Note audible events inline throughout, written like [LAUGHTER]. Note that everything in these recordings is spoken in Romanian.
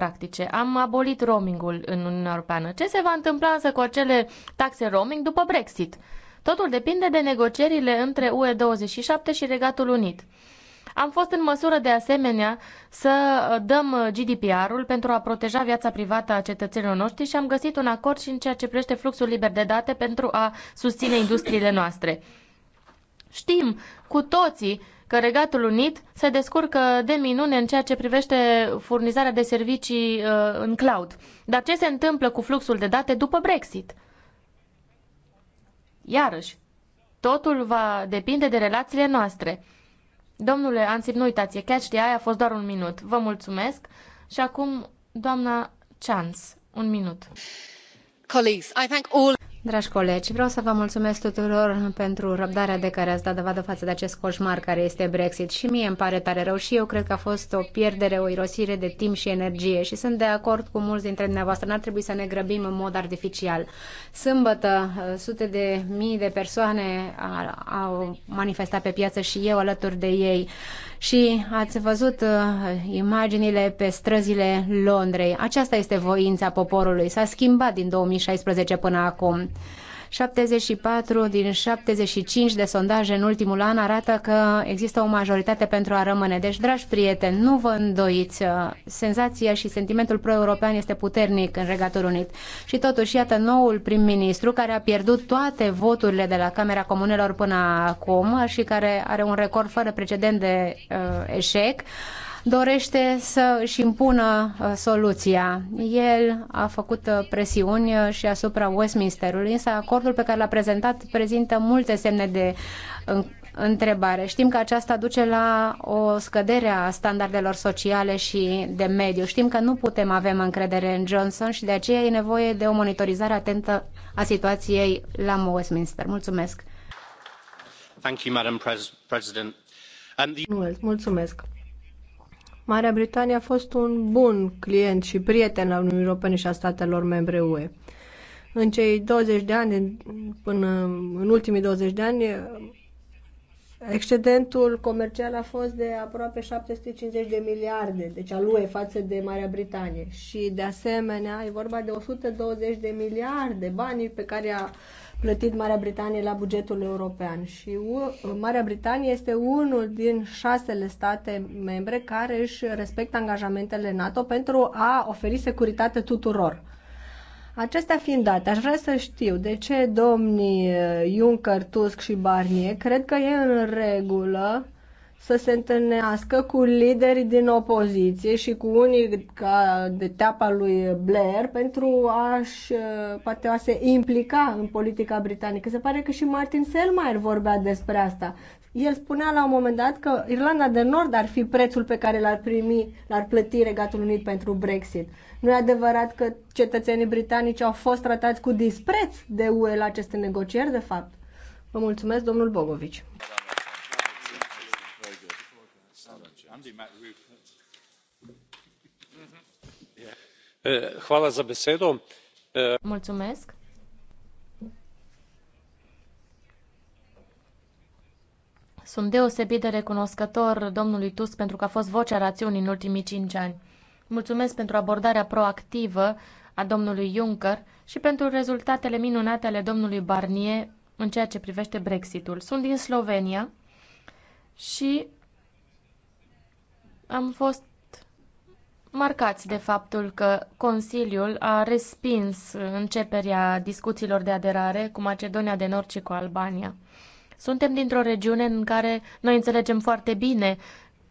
practice. Am abolit roamingul în Uniunea Europeană. Ce se va întâmpla însă cu acele taxe roaming după Brexit? Totul depinde de negocierile între UE27 și Regatul Unit. Am fost în măsură de asemenea să dăm GDPR-ul pentru a proteja viața privată a cetățenilor noștri și am găsit un acord și în ceea ce privește fluxul liber de date pentru a susține industriile noastre. Știm cu toții că Regatul Unit se descurcă de minune în ceea ce privește furnizarea de servicii uh, în cloud. Dar ce se întâmplă cu fluxul de date după Brexit? Iarăși, totul va depinde de relațiile noastre. Domnule Ansip, nu uitați, e catch de aia a fost doar un minut. Vă mulțumesc. Și acum, doamna Chance, un minut. Colleagues, I thank all... Dragi colegi, vreau să vă mulțumesc tuturor pentru răbdarea de care ați dat dovadă față de acest coșmar care este Brexit. Și mie îmi pare tare rău și eu cred că a fost o pierdere, o irosire de timp și energie și sunt de acord cu mulți dintre dumneavoastră. N-ar trebui să ne grăbim în mod artificial. Sâmbătă, uh, sute de mii de persoane au manifestat pe piață și eu alături de ei. Uh, și ați văzut uh, imaginile pe străzile Londrei. Aceasta este voința poporului. S-a schimbat din 2016 până acum. 74 din 75 de sondaje în ultimul an arată că există o majoritate pentru a rămâne. Deci, dragi prieteni, nu vă îndoiți. Uh, senzația și sentimentul pro-european este puternic în Regatul Unit. Și totuși, iată, noul prim-ministru care a pierdut toate voturile de la Camera Comunelor până acum și care are un record fără precedent de uh, eșec, uh, dorește să își impună uh, soluția. El a făcut uh, presiuni uh, și asupra Westminsterului, însă acordul pe care l-a prezentat prezintă multe semne de întrebare. Știm că aceasta duce la o scădere a standardelor sociale și de mediu. Știm că nu putem avea încredere în Johnson și de aceea e nevoie de o monitorizare atentă a situației la Westminster. Mulțumesc! Thank you, Madam President. Mulțumesc! Marea Britanie a fost un bun client și prieten al Uniunii Europene și a statelor membre UE. În cei 20 de ani, până în ultimii 20 de ani, excedentul comercial a fost de aproape 750 de miliarde, deci al UE față de Marea Britanie. Și de asemenea, e vorba de 120 de miliarde banii pe care a plătit Marea Britanie la bugetul european și Marea Britanie este unul din șasele state membre care își respectă angajamentele NATO pentru a oferi securitate tuturor. Acestea fiind date, aș vrea să știu de ce domnii Juncker, Tusk și Barnier cred că e în regulă uh, să se întâlnească cu liderii din opoziție și cu unii ca de teapa lui Blair pentru a-și uh, poate a se implica în politica britanică. Se pare că și Martin Selmayr vorbea despre asta. El spunea la un moment dat că Irlanda de Nord ar fi prețul pe care l-ar primi, l-ar plăti Regatul Unit pentru Brexit. Nu e adevărat că cetățenii britanici au fost tratați cu dispreț de UE la aceste negocieri, de fapt? Vă mulțumesc, domnul Bogovici. Da. Uh, uh, Mulțumesc. Sunt deosebit de recunoscător domnului Tusk pentru că a fost vocea rațiunii în ultimii cinci ani. Mulțumesc pentru abordarea proactivă a domnului Juncker și pentru rezultatele minunate ale domnului Barnier în ceea ce privește Brexitul. Sunt din Slovenia și am fost marcați de faptul că Consiliul a respins începerea discuțiilor de aderare cu Macedonia de Nord și cu Albania. Suntem dintr-o regiune în care noi înțelegem foarte bine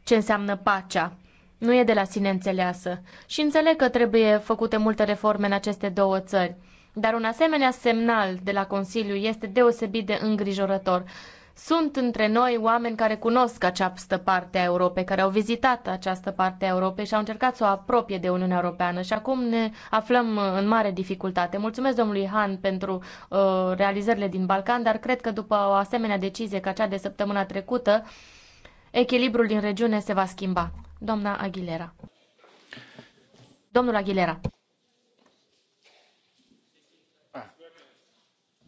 ce înseamnă pacea. Nu e de la sine înțeleasă. Și înțeleg că trebuie făcute multe reforme în aceste două țări. Dar un asemenea semnal de la Consiliu este deosebit de îngrijorător. Sunt între noi oameni care cunosc această parte a Europei, care au vizitat această parte a Europei și au încercat să o apropie de Uniunea Europeană și acum ne aflăm uh, în mare dificultate. Mulțumesc domnului Han pentru uh, realizările din Balcan, dar cred că după o asemenea decizie ca cea de săptămâna trecută, echilibrul din regiune se va schimba. Doamna Aguilera. Domnul Aguilera.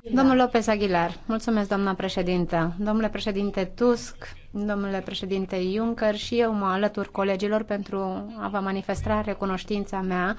Domnul Lopez Aguilar, mulțumesc, doamna președintă. Domnule președinte Tusk, domnule președinte Juncker și eu mă alătur colegilor pentru a vă manifesta recunoștința mea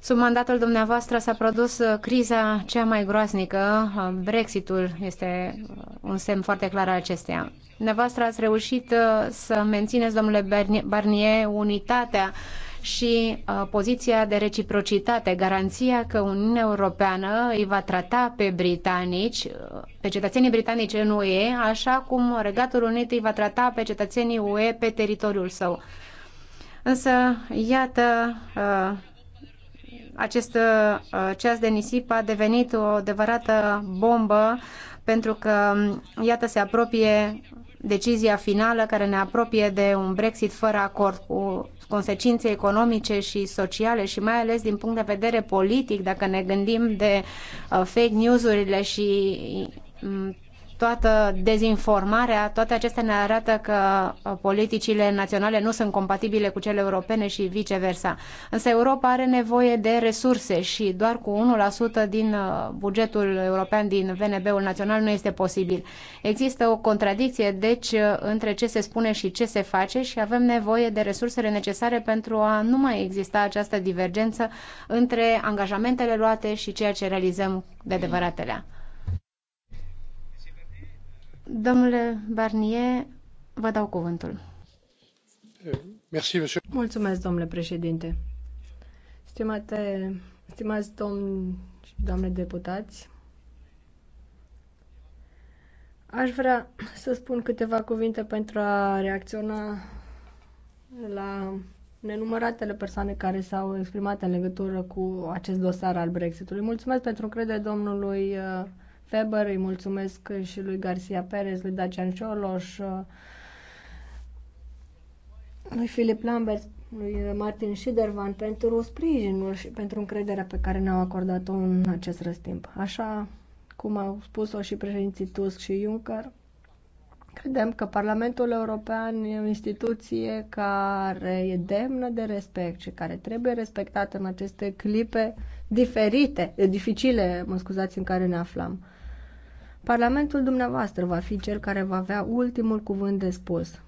Sub mandatul dumneavoastră s-a produs uh, criza cea mai groaznică. Uh, Brexitul este uh, un semn foarte clar al acesteia. Dumneavoastră ați reușit să mențineți, domnule Barnier, unitatea și uh, poziția de reciprocitate, garanția că Uniunea Europeană îi va trata pe britanici, uh, pe cetățenii britanici în UE, așa cum Regatul Unit îi va trata pe cetățenii UE pe teritoriul său. Însă, iată, uh, acest ceas de nisip a devenit o adevărată bombă pentru că, iată, se apropie decizia finală care ne apropie de un Brexit fără acord cu consecințe economice și sociale și mai ales din punct de vedere politic, dacă ne gândim de uh, fake news-urile și mm, toată dezinformarea, toate acestea ne arată că uh, politicile naționale nu sunt compatibile cu cele europene și viceversa. Însă Europa are nevoie de resurse și doar cu 1% din uh, bugetul european din VNB-ul național nu este posibil. Există o contradicție, deci, uh, între ce se spune și ce se face și avem nevoie de resursele necesare pentru a nu mai exista această divergență între angajamentele luate și ceea ce realizăm de adevăratelea. Domnule Barnier, vă dau cuvântul. Mulțumesc, domnule președinte. Stimate, stimați domni și doamne deputați, aș vrea să spun câteva cuvinte pentru a reacționa la nenumăratele persoane care s-au exprimat în legătură cu acest dosar al Brexitului. Mulțumesc pentru încredere domnului uh, Weber, îi mulțumesc și lui Garcia Perez, lui Dacian Cioloș, uh, lui Filip Lambert, lui Martin Schidervan pentru sprijinul și pentru încrederea pe care ne-au acordat-o în acest răstimp. Așa cum au spus-o și președinții Tusk și Juncker, credem că Parlamentul European e o instituție care e demnă de respect și care trebuie respectată în aceste clipe diferite, dificile, mă scuzați, în care ne aflam. Parlamentul dumneavoastră va fi cel care va avea ultimul cuvânt de spus.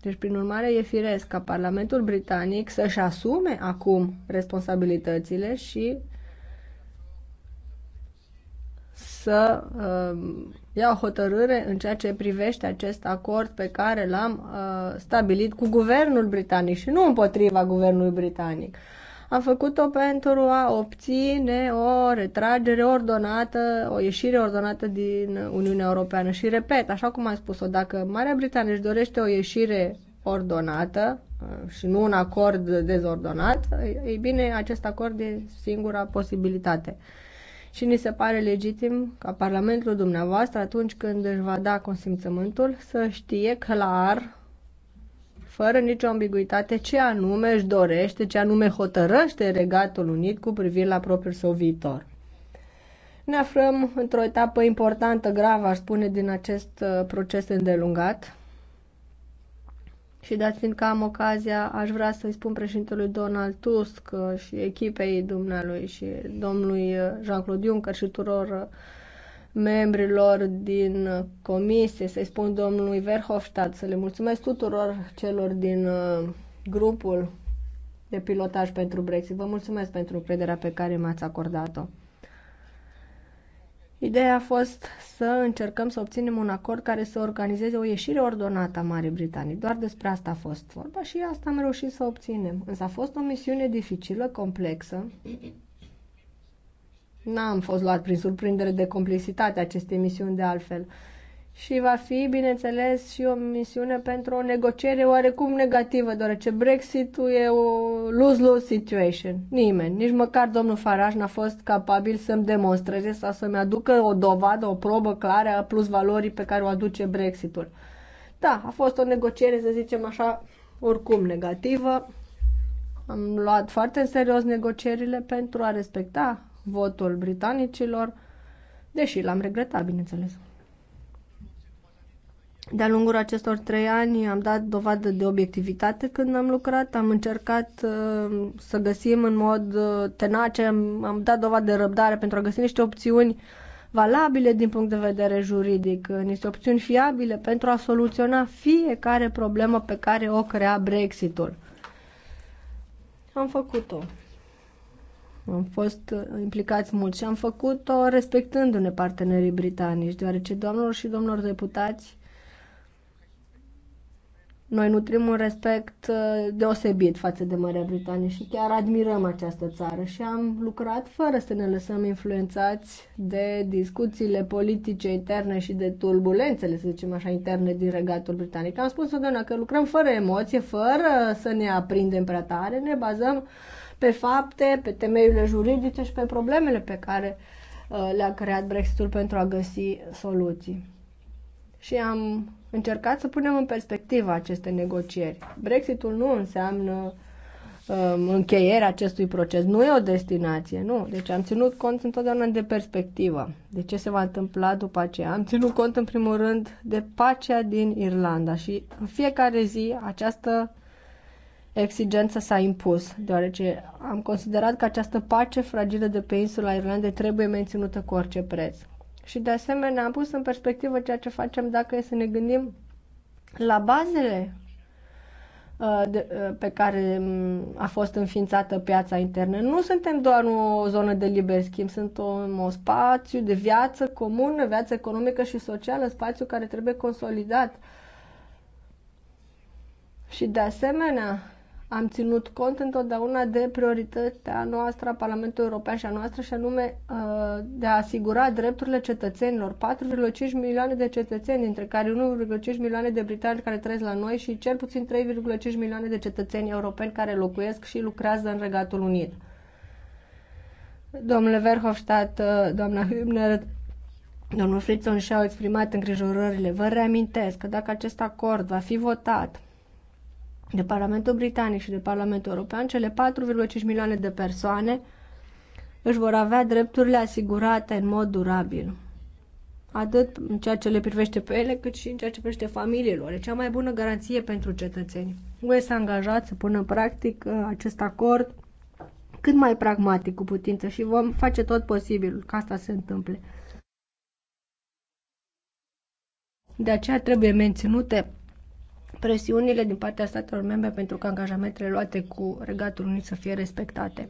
Deci, prin urmare, e firesc ca Parlamentul Britanic să-și asume acum responsabilitățile și să uh, ia o hotărâre în ceea ce privește acest acord pe care l-am uh, stabilit cu guvernul britanic și nu împotriva guvernului britanic a făcut-o pentru a obține o retragere ordonată, o ieșire ordonată din Uniunea Europeană. Și repet, așa cum am spus-o, dacă Marea Britanie își dorește o ieșire ordonată uh, și nu un acord dezordonat, uh, ei bine, acest acord e singura posibilitate. Și ni se pare legitim ca Parlamentul dumneavoastră, atunci când își va da consimțământul, să știe clar fără nicio ambiguitate ce anume își dorește, ce anume hotărăște Regatul Unit cu privire la propriul său viitor. Ne aflăm într-o etapă importantă, gravă, aș spune, din acest uh, proces îndelungat. Și dat fiindcă am ocazia, aș vrea să-i spun președintelui Donald Tusk uh, și echipei dumnealui și domnului uh, Jean-Claude Juncker și tuturor uh, membrilor din comisie, să-i spun domnului Verhofstadt, să le mulțumesc tuturor celor din uh, grupul de pilotaj pentru Brexit. Vă mulțumesc pentru încrederea pe care mi-ați acordat-o. Ideea a fost să încercăm să obținem un acord care să organizeze o ieșire ordonată a Marii Britanii. Doar despre asta a fost vorba și asta am reușit să obținem. Însă a fost o misiune dificilă, complexă, N-am fost luat prin surprindere de complexitatea acestei misiuni de altfel. Și va fi, bineînțeles, și o misiune pentru o negociere oarecum negativă, deoarece Brexit-ul e o lose-lose situation. Nimeni, nici măcar domnul Farage n-a fost capabil să-mi demonstreze sau să-mi aducă o dovadă, o probă clară a plus valorii pe care o aduce Brexitul. Da, a fost o negociere, să zicem așa, oricum negativă. Am luat foarte în serios negocierile pentru a respecta votul britanicilor, deși l-am regretat, bineînțeles. De-a lungul acestor trei ani am dat dovadă de obiectivitate când am lucrat, am încercat uh, să găsim în mod uh, tenace, am, am dat dovadă de răbdare pentru a găsi niște opțiuni valabile din punct de vedere juridic, uh, niște opțiuni fiabile pentru a soluționa fiecare problemă pe care o crea Brexitul. Am făcut-o. Am fost uh, implicați mult și am făcut-o respectându-ne partenerii britanici, deoarece doamnelor și domnilor deputați noi nutrim un respect uh, deosebit față de Marea Britanie și chiar admirăm această țară și am lucrat fără să ne lăsăm influențați de discuțiile politice interne și de turbulențele, să zicem așa, interne din regatul britanic. Am spus întotdeauna că lucrăm fără emoție, fără să ne aprindem prea tare, ne bazăm pe fapte, pe temeiurile juridice și pe problemele pe care uh, le-a creat Brexitul pentru a găsi soluții. Și am încercat să punem în perspectivă aceste negocieri. Brexitul nu înseamnă um, încheierea acestui proces, nu e o destinație, nu. Deci am ținut cont întotdeauna de perspectivă, de ce se va întâmpla după aceea. Am ținut cont în primul rând de pacea din Irlanda și în fiecare zi această exigență s-a impus, deoarece am considerat că această pace fragilă de pe insula Irlandei trebuie menținută cu orice preț. Și de asemenea am pus în perspectivă ceea ce facem dacă e să ne gândim la bazele uh, uh, pe care mm, a fost înființată piața internă. Nu suntem doar o zonă de liber schimb, suntem o spațiu de viață comună, viață economică și socială, spațiu care trebuie consolidat. Și de asemenea, am ținut cont întotdeauna de prioritatea noastră a Parlamentului European și a noastră și anume uh, de a asigura drepturile cetățenilor. 4,5 milioane de cetățeni, dintre care 1,5 milioane de britanici care trăiesc la noi și cel puțin 3,5 milioane de cetățeni europeni care locuiesc și lucrează în Regatul Unit. Domnule Verhofstadt, uh, doamna Hübner, domnul Fritzon și-au exprimat îngrijorările. Vă reamintesc că dacă acest acord va fi votat, de Parlamentul Britanic și de Parlamentul European, cele 4,5 milioane de persoane își vor avea drepturile asigurate în mod durabil. Atât în ceea ce le privește pe ele, cât și în ceea ce privește familiilor. E cea mai bună garanție pentru cetățeni. UE s-a angajat să pună în practic acest acord cât mai pragmatic cu putință și vom face tot posibilul ca asta se întâmple. De aceea trebuie menținute presiunile din partea statelor membre pentru că angajamentele luate cu Regatul Unit să fie respectate.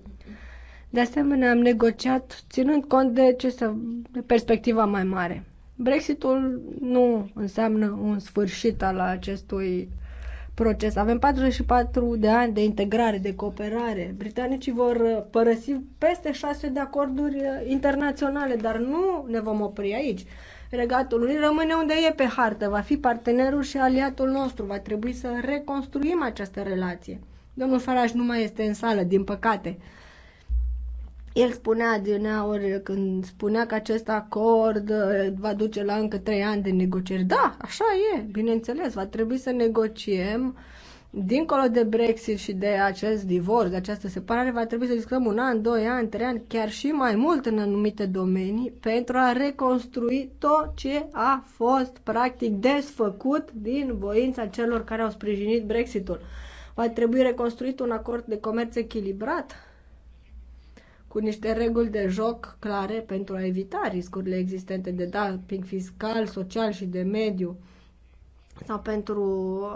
De asemenea, am negociat ținând cont de ce să, de perspectiva mai mare. Brexitul nu înseamnă un sfârșit al acestui proces. Avem 44 de ani de integrare, de cooperare. Britanicii vor părăsi peste șase de acorduri eh, internaționale, dar nu ne vom opri aici. Regatul Unii rămâne unde e pe hartă, va fi partenerul și aliatul nostru, va trebui să reconstruim această relație. Domnul Faraș nu mai este în sală, din păcate. El spunea din ori când spunea că acest acord uh, va duce la încă trei ani de negocieri. Da, așa e, bineînțeles, va trebui să negociem dincolo de Brexit și de acest divorț, de această separare, va trebui să discutăm un an, doi ani, trei ani, chiar și mai mult în anumite domenii, pentru a reconstrui tot ce a fost practic desfăcut din voința celor care au sprijinit Brexitul. Va trebui reconstruit un acord de comerț echilibrat cu niște reguli de joc clare pentru a evita riscurile existente de dumping fiscal, social și de mediu sau pentru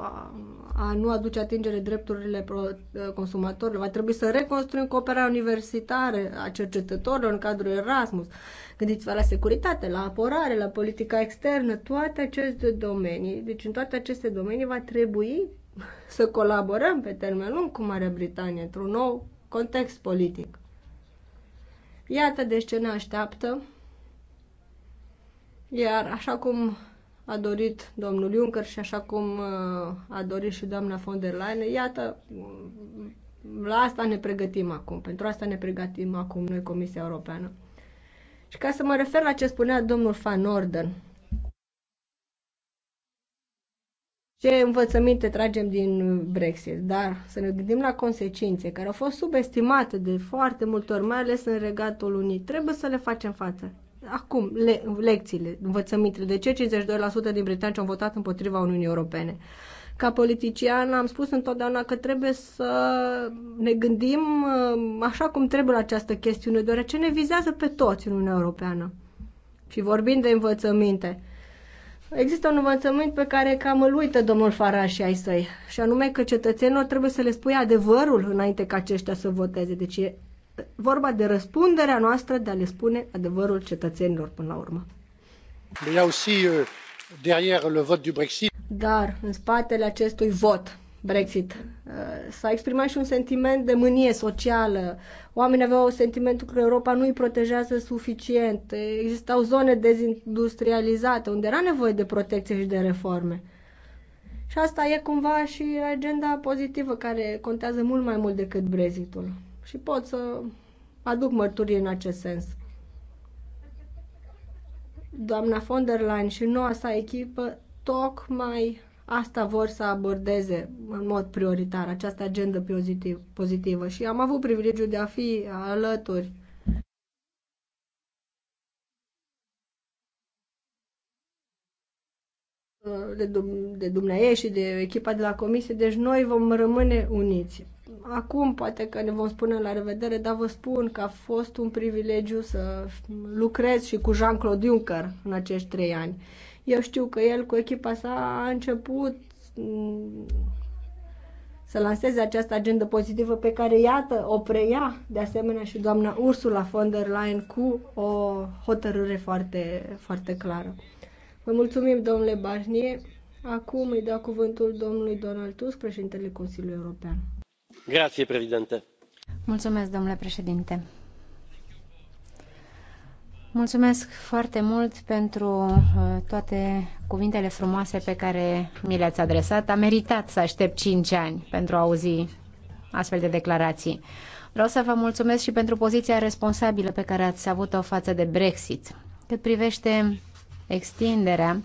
a nu aduce atingere drepturile eh, consumatorilor. Va trebui să reconstruim cooperarea universitară a cercetătorilor în cadrul Erasmus. Gândiți-vă la securitate, la apărare, la politica externă, toate aceste domenii. Deci în toate aceste domenii va trebui să colaborăm pe termen lung cu Marea Britanie într-un nou context politic. Iată deci ce ne așteaptă. Iar așa cum a dorit domnul Juncker și așa cum uh, a dorit și doamna von der Leyen. Iată, mm, la asta ne pregătim acum, pentru asta ne pregătim acum noi, Comisia Europeană. Și ca să mă refer la ce spunea domnul Van Orden, ce învățăminte tragem din Brexit, dar să ne gândim la consecințe care au fost subestimate de foarte multe ori, mai ales în Regatul unii. Trebuie să le facem față. Acum, le, lecțiile, învățămintele. De ce 52% din britanici au votat împotriva Uniunii Europene? Ca politician am spus întotdeauna că trebuie să ne gândim uh, așa cum trebuie la această chestiune, deoarece ne vizează pe toți în Uniunea Europeană. Și vorbind de învățăminte, Există un învățământ pe care cam îl uită domnul Faraș și ai săi, și anume că cetățenilor trebuie să le spui adevărul înainte ca aceștia să voteze. Deci e vorba de răspunderea noastră de a le spune adevărul cetățenilor până la urmă. Euh, Dar în spatele acestui vot Brexit uh, s-a exprimat și un sentiment de mânie socială. Oamenii aveau sentimentul că Europa nu îi protejează suficient. Existau zone dezindustrializate unde era nevoie de protecție și de reforme. Și asta e cumva și agenda pozitivă care contează mult mai mult decât Brexitul și pot să aduc mărturii în acest sens. Doamna von der Leyen și noua sa echipă tocmai asta vor să abordeze în mod prioritar, această agendă pozitiv, pozitivă. Și am avut privilegiul de a fi alături de, dum- de dumneavoastră și de echipa de la comisie, deci noi vom rămâne uniți acum poate că ne vom spune la revedere, dar vă spun că a fost un privilegiu să lucrez și cu Jean-Claude Juncker în acești trei ani. Eu știu că el cu echipa sa a început mm, să lanseze această agendă pozitivă pe care, iată, o preia de asemenea și doamna Ursula von der Leyen cu o hotărâre foarte, foarte clară. Vă mulțumim, domnule Barnier. Acum îi dau cuvântul domnului Donald Tusk, președintele Consiliului European. Mulțumesc, domnule președinte. Mulțumesc foarte mult pentru uh, toate cuvintele frumoase pe care mi le-ați adresat. A meritat să aștept cinci ani pentru a auzi astfel de declarații. Vreau să vă mulțumesc și pentru poziția responsabilă pe care ați avut-o față de Brexit. Cât privește extinderea,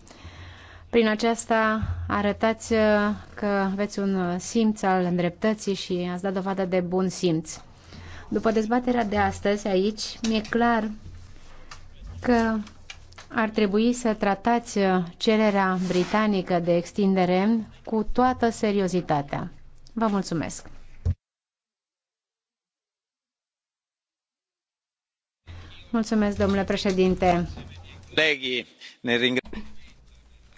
prin aceasta arătați uh, că aveți un uh, simț al îndreptății și ați dat dovadă de bun simț. După dezbaterea de astăzi aici, mi-e clar că ar trebui să tratați uh, cererea britanică de extindere cu toată seriozitatea. Vă mulțumesc! Mulțumesc, domnule președinte! Legii, ne ringrazio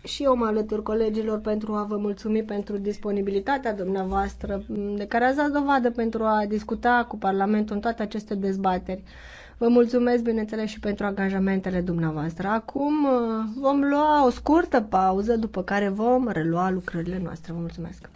și eu mă alătur colegilor pentru a vă mulțumi pentru disponibilitatea dumneavoastră mm, de care ați dat dovadă pentru a discuta cu Parlamentul în toate aceste dezbateri. Vă mulțumesc, bineînțeles, și pentru angajamentele dumneavoastră. Acum uh, vom lua o scurtă pauză, după care vom relua lucrările noastre. Vă mulțumesc!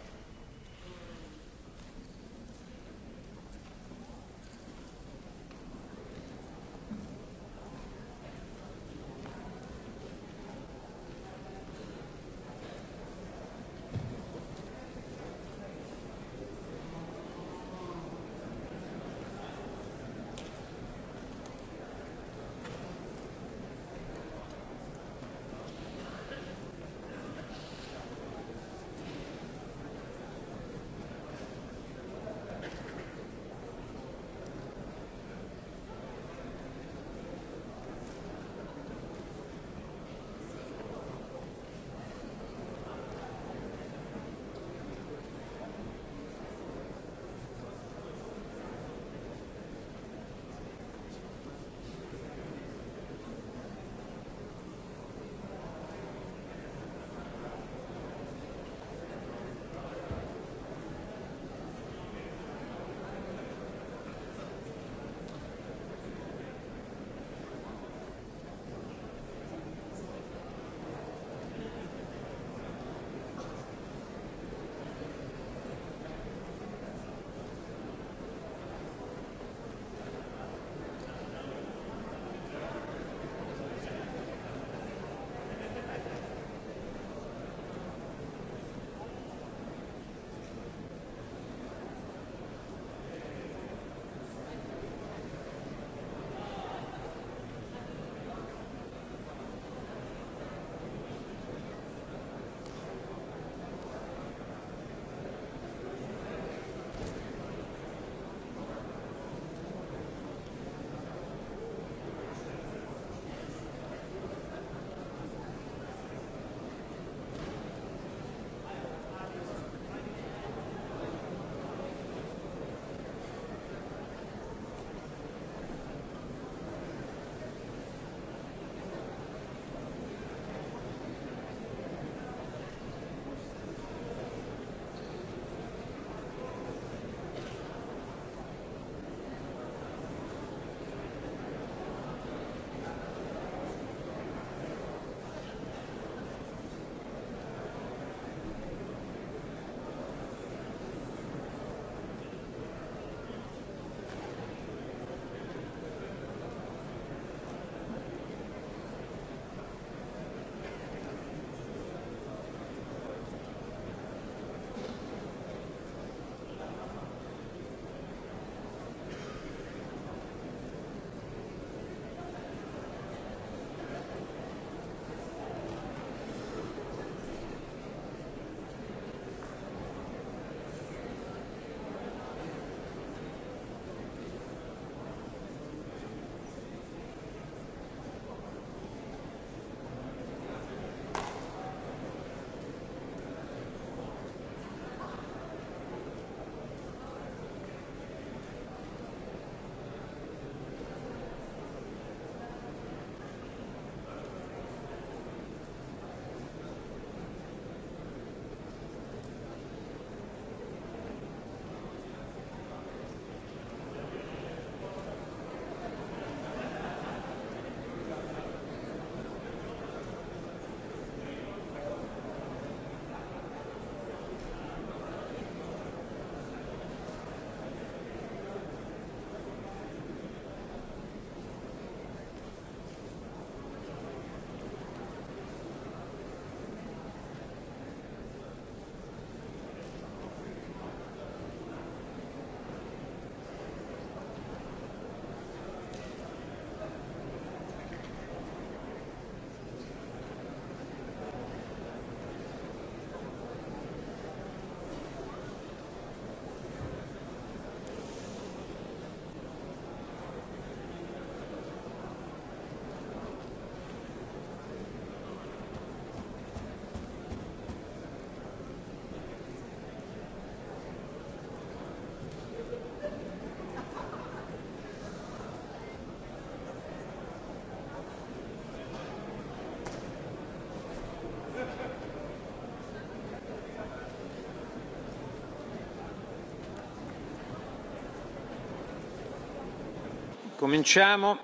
Cominciamo.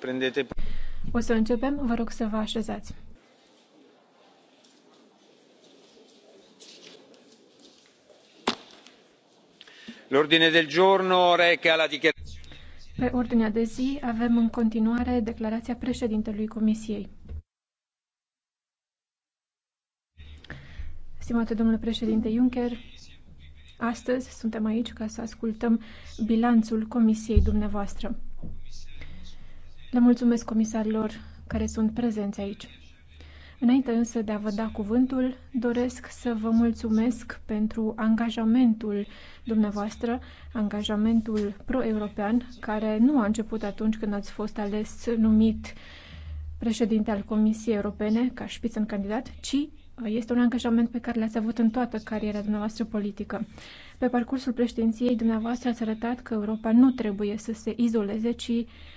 Prendete... O să începem. Vă rog să vă așezați. L'ordine del giorno reca la dichiarazione. Pe ordinea de zi avem în continuare declarația președintelui Comisiei. Stimate domnule președinte Juncker, Astăzi suntem aici ca să ascultăm bilanțul comisiei dumneavoastră. Le mulțumesc comisarilor care sunt prezenți aici. Înainte însă de a vă da cuvântul, doresc să vă mulțumesc pentru angajamentul dumneavoastră, angajamentul pro-european, care nu a început atunci când ați fost ales numit președinte al Comisiei Europene ca în candidat, ci este un angajament pe care l-ați avut în toată cariera dumneavoastră politică. Pe parcursul președinției dumneavoastră ați arătat că Europa nu trebuie să se izoleze, ci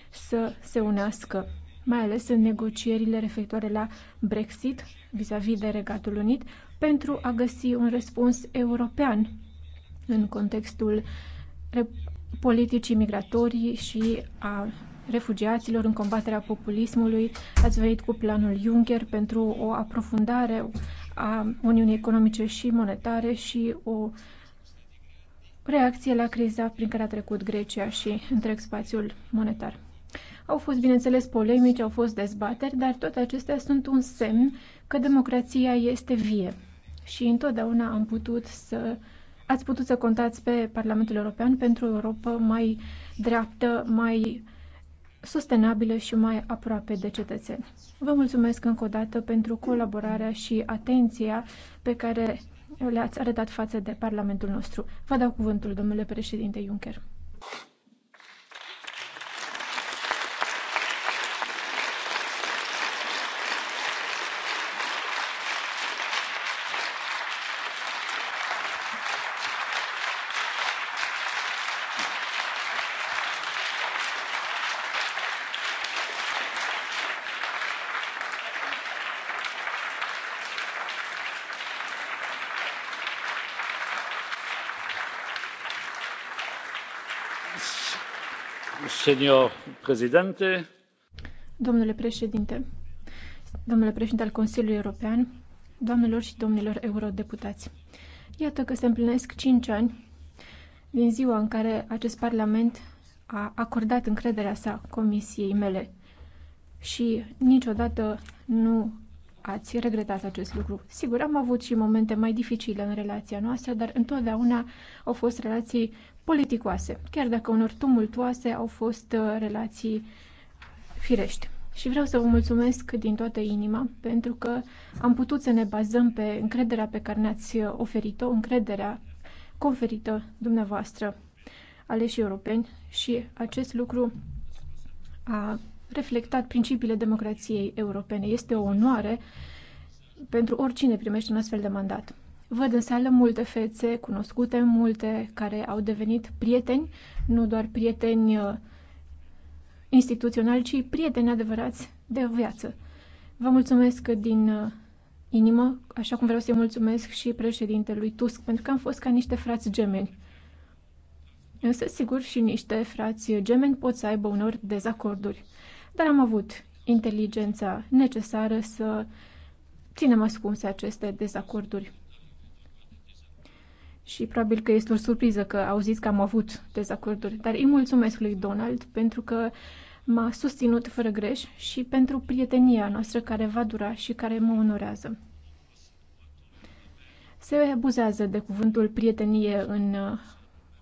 să se unească, mai ales în negocierile referitoare la Brexit vis-a-vis -vis de Regatul Unit, pentru a găsi un răspuns european în contextul politicii migratorii și a refugiaților, în combaterea populismului. Ați venit cu planul Juncker pentru o aprofundare a Uniunii Economice și Monetare și o reacție la criza prin care a trecut Grecia și întreg spațiul monetar. Au fost, bineînțeles, polemici, au fost dezbateri, dar toate acestea sunt un semn că democrația este vie. Și întotdeauna am putut să ați putut să contați pe Parlamentul European pentru o Europa mai dreaptă, mai sustenabilă și mai aproape de cetățeni. Vă mulțumesc încă o dată pentru colaborarea și atenția pe care le-ați arătat față de Parlamentul nostru. Vă dau cuvântul, domnule președinte Juncker. domnule președinte domnule președinte al consiliului european doamnelor și domnilor eurodeputați iată că se împlinesc cinci ani din ziua în care acest parlament a acordat încrederea sa comisiei mele și niciodată nu ați regretat acest lucru. Sigur, am avut și momente mai dificile în relația noastră, dar întotdeauna au fost relații politicoase, chiar dacă unor tumultoase au fost uh, relații firești. Și vreau să vă mulțumesc din toată inima pentru că am putut să ne bazăm pe încrederea pe care ne-ați uh, oferit-o, încrederea conferită dumneavoastră aleși europeni și acest lucru a reflectat principiile democrației europene. Este o onoare pentru oricine primește un astfel de mandat. Văd în sală multe fețe cunoscute, multe care au devenit prieteni, nu doar prieteni uh, instituționali, ci prieteni adevărați de viață. Vă mulțumesc din uh, inimă, așa cum vreau să-i mulțumesc și președintelui Tusk, pentru că am fost ca niște frați gemeni. Însă, sigur, și niște frați gemeni pot să aibă unor dezacorduri. Dar am avut inteligența necesară să ținem ascunse aceste dezacorduri și probabil că este o surpriză că zis că am avut dezacorduri, dar îi mulțumesc lui Donald pentru că m-a susținut fără greș și pentru prietenia noastră care va dura și care mă onorează. Se abuzează de cuvântul prietenie în uh,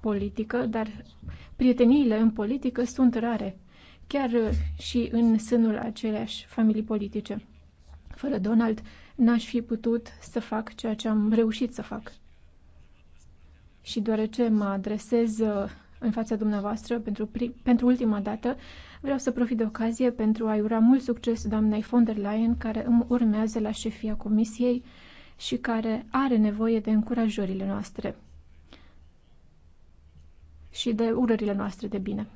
politică, dar prieteniile în politică sunt rare, chiar uh, și în sânul aceleași familii politice. Fără Donald, n-aș fi putut să fac ceea ce am reușit să fac și deoarece mă adresez uh, în fața dumneavoastră pentru, pentru ultima dată, vreau să profit de ocazie pentru a-i ura mult succes doamnei von der Leyen, care îmi urmează la șefia Comisiei și care are nevoie de încurajările noastre și de urările noastre de bine.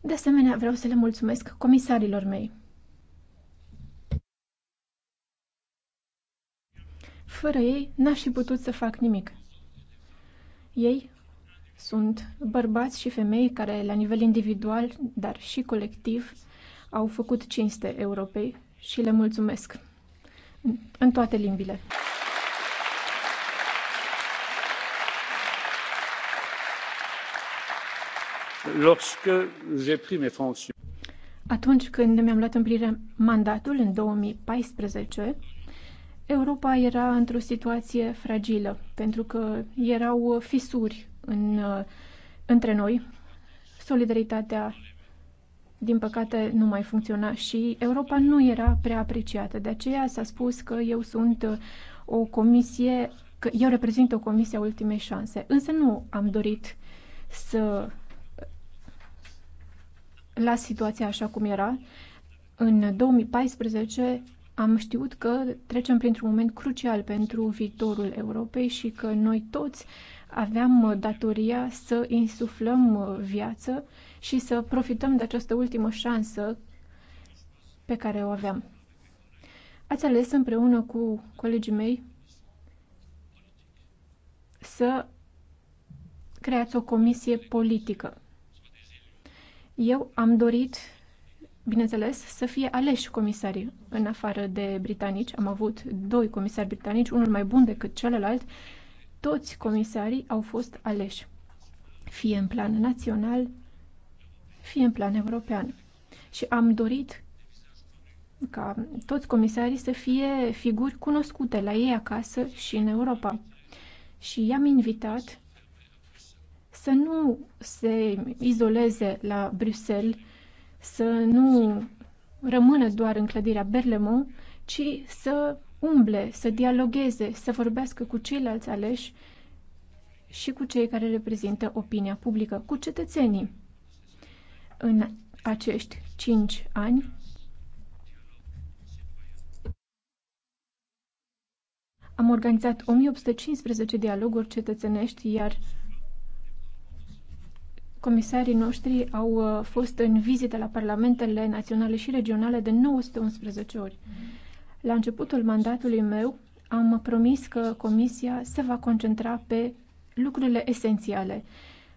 De asemenea, vreau să le mulțumesc comisarilor mei. Fără ei, n-aș fi putut să fac nimic. Ei sunt bărbați și femei care, la nivel individual, dar și colectiv, au făcut cinste Europei și le mulțumesc în toate limbile. Atunci când mi-am luat împlinirea mandatul în 2014, Europa era într-o situație fragilă, pentru că erau fisuri în, între noi. Solidaritatea, din păcate, nu mai funcționa și Europa nu era prea apreciată. De aceea s-a spus că eu sunt o comisie, că eu reprezint o comisie a ultimei șanse. Însă nu am dorit să las situația așa cum era. În 2014 am știut că trecem printr-un moment crucial pentru viitorul Europei și că noi toți aveam datoria să insuflăm viață și să profităm de această ultimă șansă pe care o aveam. Ați ales împreună cu colegii mei să creați o comisie politică. Eu am dorit bineînțeles, să fie aleși comisarii în afară de britanici. Am avut doi comisari britanici, unul mai bun decât celălalt. Toți comisarii au fost aleși, fie în plan național, fie în plan european. Și am dorit ca toți comisarii să fie figuri cunoscute la ei acasă și în Europa. Și i-am invitat să nu se izoleze la Bruxelles să nu rămână doar în clădirea Berlemo, ci să umble, să dialogueze, să vorbească cu ceilalți aleși și cu cei care reprezintă opinia publică, cu cetățenii. În acești cinci ani, am organizat 1815 dialoguri cetățenești, iar Comisarii noștri au uh, fost în vizită la parlamentele naționale și regionale de 911 ori. La începutul mandatului meu am promis că Comisia se va concentra pe lucrurile esențiale.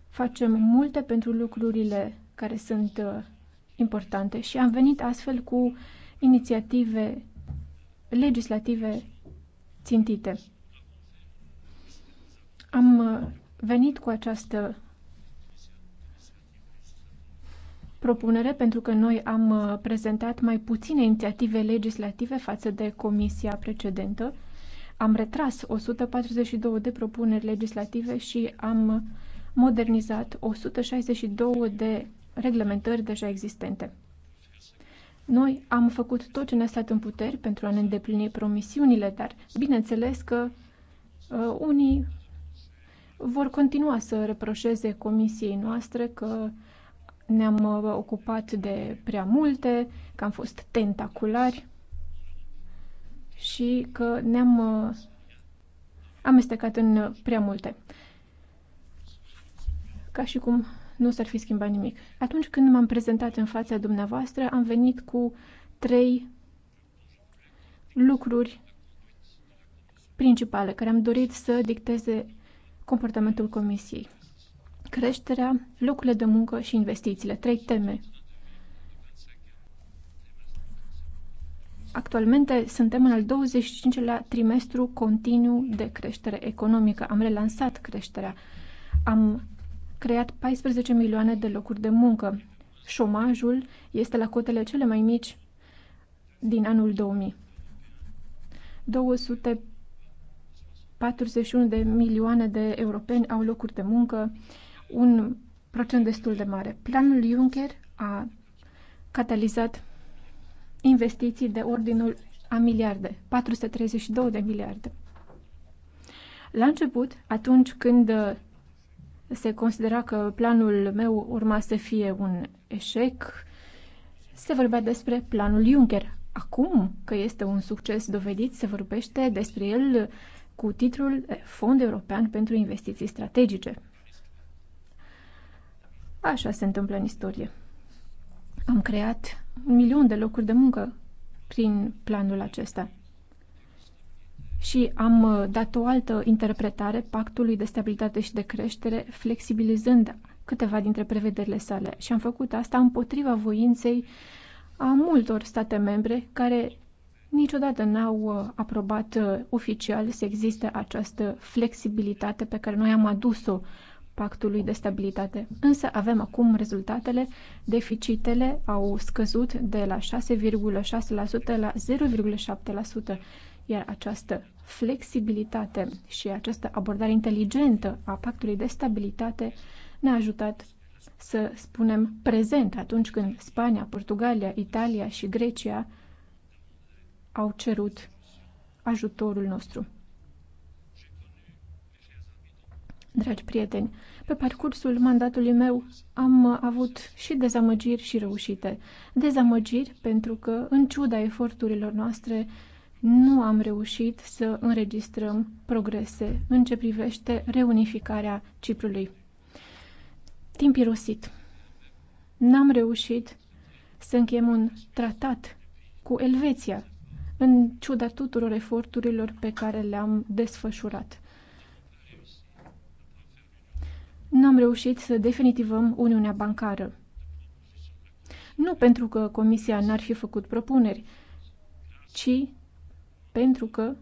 Facem multe pentru lucrurile care sunt uh, importante și am venit astfel cu inițiative legislative țintite. Am uh, venit cu această propunere pentru că noi am uh, prezentat mai puține inițiative legislative față de comisia precedentă. Am retras 142 de propuneri legislative și am modernizat 162 de reglementări deja existente. Noi am făcut tot ce ne-a stat în puteri pentru a ne îndeplini promisiunile, dar bineînțeles că uh, unii vor continua să reproșeze comisiei noastre că uh, ne-am uh, ocupat de prea multe, că am fost tentaculari și că ne-am uh, amestecat în prea multe. Ca și cum nu s-ar fi schimbat nimic. Atunci când m-am prezentat în fața dumneavoastră, am venit cu trei lucruri principale care am dorit să dicteze comportamentul comisiei creșterea, locurile de muncă și investițiile. Trei teme. Actualmente suntem în al 25-lea trimestru continuu de creștere economică. Am relansat creșterea. Am creat 14 milioane de locuri de muncă. Șomajul este la cotele cele mai mici din anul 2000. 241 de milioane de europeni au locuri de muncă un procent destul de mare. Planul Juncker a catalizat investiții de ordinul a miliarde, 432 de miliarde. La început, atunci când uh, se considera că planul meu urma să fie un eșec, se vorbea despre planul Juncker. Acum că este un succes dovedit, se vorbește despre el cu titlul Fond European pentru Investiții Strategice. Așa se întâmplă în istorie. Am creat un milion de locuri de muncă prin planul acesta. Și am uh, dat o altă interpretare pactului de stabilitate și de creștere, flexibilizând câteva dintre prevederile sale. Și am făcut asta împotriva voinței a multor state membre care niciodată n-au uh, aprobat uh, oficial să existe această flexibilitate pe care noi am adus-o pactului de stabilitate. Însă avem acum rezultatele, deficitele au scăzut de la 6,6% la 0,7%, iar această flexibilitate și această abordare inteligentă a pactului de stabilitate ne-a ajutat să spunem prezent atunci când Spania, Portugalia, Italia și Grecia au cerut ajutorul nostru. Dragi prieteni, pe parcursul mandatului meu am avut și dezamăgiri și reușite. Dezamăgiri pentru că, în ciuda eforturilor noastre, nu am reușit să înregistrăm progrese în ce privește reunificarea Ciprului. Timp irosit. N-am reușit să încheiem un tratat cu Elveția, în ciuda tuturor eforturilor pe care le-am desfășurat. n-am reușit să definitivăm Uniunea Bancară. Nu pentru că Comisia n-ar fi făcut propuneri, ci pentru că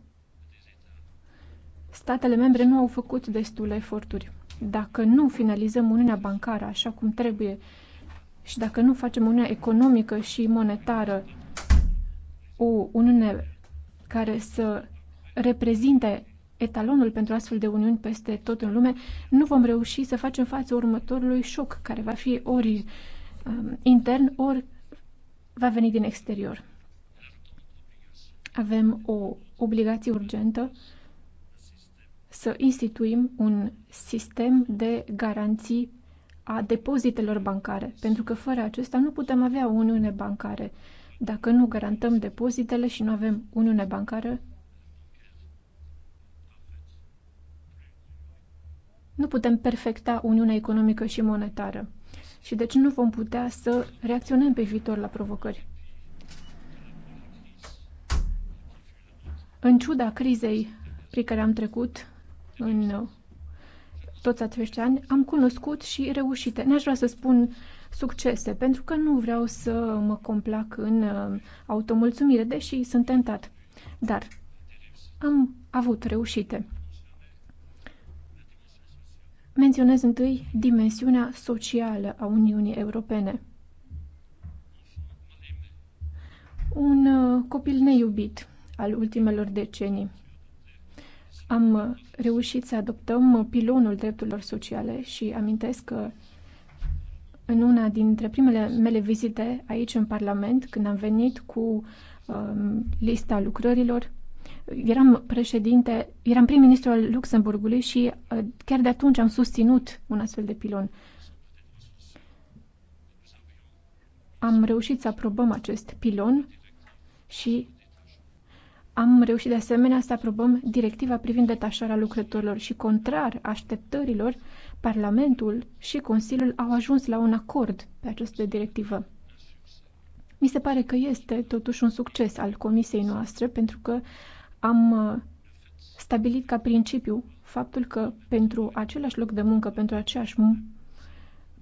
statele membre nu au făcut destule eforturi. Dacă nu finalizăm Uniunea Bancară așa cum trebuie și dacă nu facem Uniunea Economică și Monetară o Uniune care să reprezinte etalonul pentru astfel de uniuni peste tot în lume, nu vom reuși să facem față următorului șoc, care va fi ori um, intern, ori va veni din exterior. Avem o obligație urgentă să instituim un sistem de garanții a depozitelor bancare, pentru că fără acesta nu putem avea o uniune bancare. Dacă nu garantăm depozitele și nu avem uniune bancară, Nu putem perfecta Uniunea Economică și Monetară și deci nu vom putea să reacționăm pe viitor la provocări. În ciuda crizei prin care am trecut în toți acești ani, am cunoscut și reușite. N-aș vrea să spun succese, pentru că nu vreau să mă complac în uh, automulțumire, deși sunt tentat. Dar am avut reușite. Menționez întâi dimensiunea socială a Uniunii Europene. Un uh, copil neiubit al ultimelor decenii. Am uh, reușit să adoptăm pilonul drepturilor sociale și amintesc că în una dintre primele mele vizite aici în Parlament, când am venit cu um, lista lucrărilor, Eram președinte, eram prim-ministru al Luxemburgului și uh, chiar de atunci am susținut un astfel de pilon. Am reușit să aprobăm acest pilon și am reușit de asemenea să aprobăm directiva privind detașarea lucrătorilor și, contrar așteptărilor, Parlamentul și Consiliul au ajuns la un acord pe această directivă. Mi se pare că este totuși un succes al comisiei noastre pentru că am uh, stabilit ca principiu faptul că pentru același loc de muncă, pentru aceeași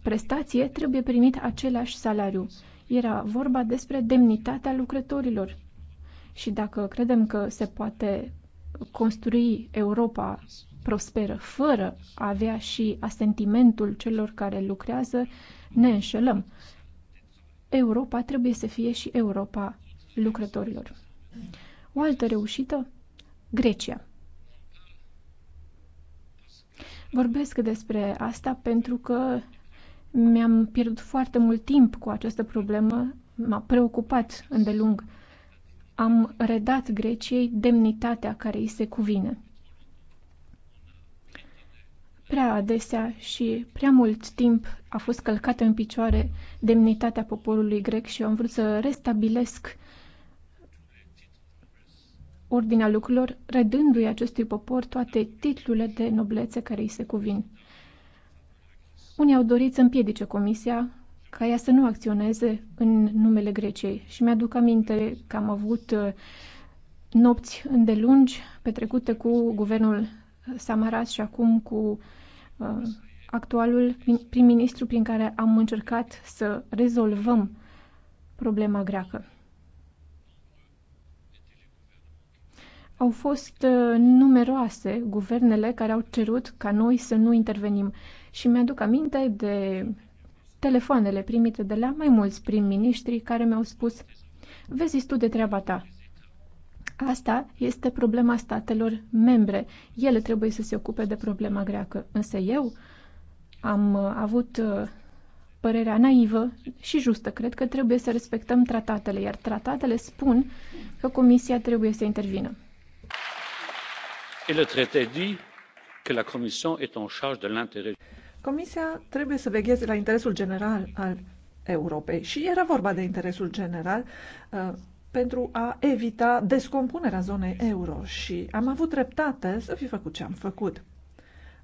prestație, trebuie primit același salariu. Era vorba despre demnitatea lucrătorilor. Și dacă credem că se poate construi Europa prosperă fără a avea și asentimentul celor care lucrează, ne înșelăm. Europa trebuie să fie și Europa lucrătorilor. O altă reușită? Grecia. Vorbesc despre asta pentru că mi-am pierdut foarte mult timp cu această problemă, m-a preocupat îndelung. Am redat Greciei demnitatea care îi se cuvine. Prea adesea și prea mult timp a fost călcată în picioare demnitatea poporului grec și eu am vrut să restabilesc ordinea lucrurilor, redându-i acestui popor toate titlurile de noblețe care îi se cuvin. Unii au dorit să împiedice Comisia ca ea să nu acționeze în numele Greciei și mi-aduc aminte că am avut uh, nopți îndelungi petrecute cu guvernul Samaras și acum cu uh, actualul prim-ministru prin care am încercat să rezolvăm problema greacă. Au fost uh, numeroase guvernele care au cerut ca noi să nu intervenim și mi-aduc aminte de telefoanele primite de la mai mulți prim-ministri care mi-au spus Vezi tu de treaba ta. Asta este problema statelor membre. Ele trebuie să se ocupe de problema greacă. Însă eu am uh, avut uh, părerea naivă și justă. Cred că trebuie să respectăm tratatele, iar tratatele spun că Comisia trebuie să intervină le traité dit que la commission est en charge de l'intérêt. Comisia trebuie să vegheze la interesul general al Europei și era vorba de interesul general uh, pentru a evita descompunerea zonei euro și am avut dreptate să fi făcut ce am făcut.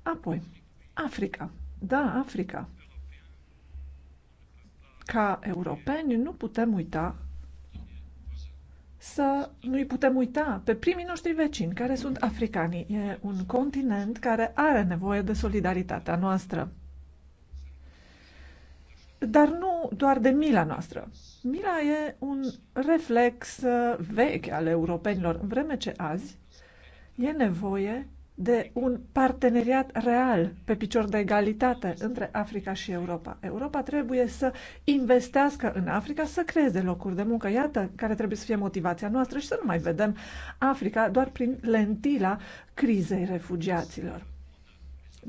Apoi, Africa. Da, Africa. Ca europeni nu putem uita să nu-i putem uita pe primii noștri vecini, care sunt africanii. E un continent care are nevoie de solidaritatea noastră. Dar nu doar de mila noastră. Mila e un reflex uh, vechi al europenilor, în vreme ce azi e nevoie de un parteneriat real pe picior de egalitate între Africa și Europa. Europa trebuie să investească în Africa, să creeze locuri de muncă. Iată care trebuie să fie motivația noastră și să nu mai vedem Africa doar prin lentila crizei refugiaților.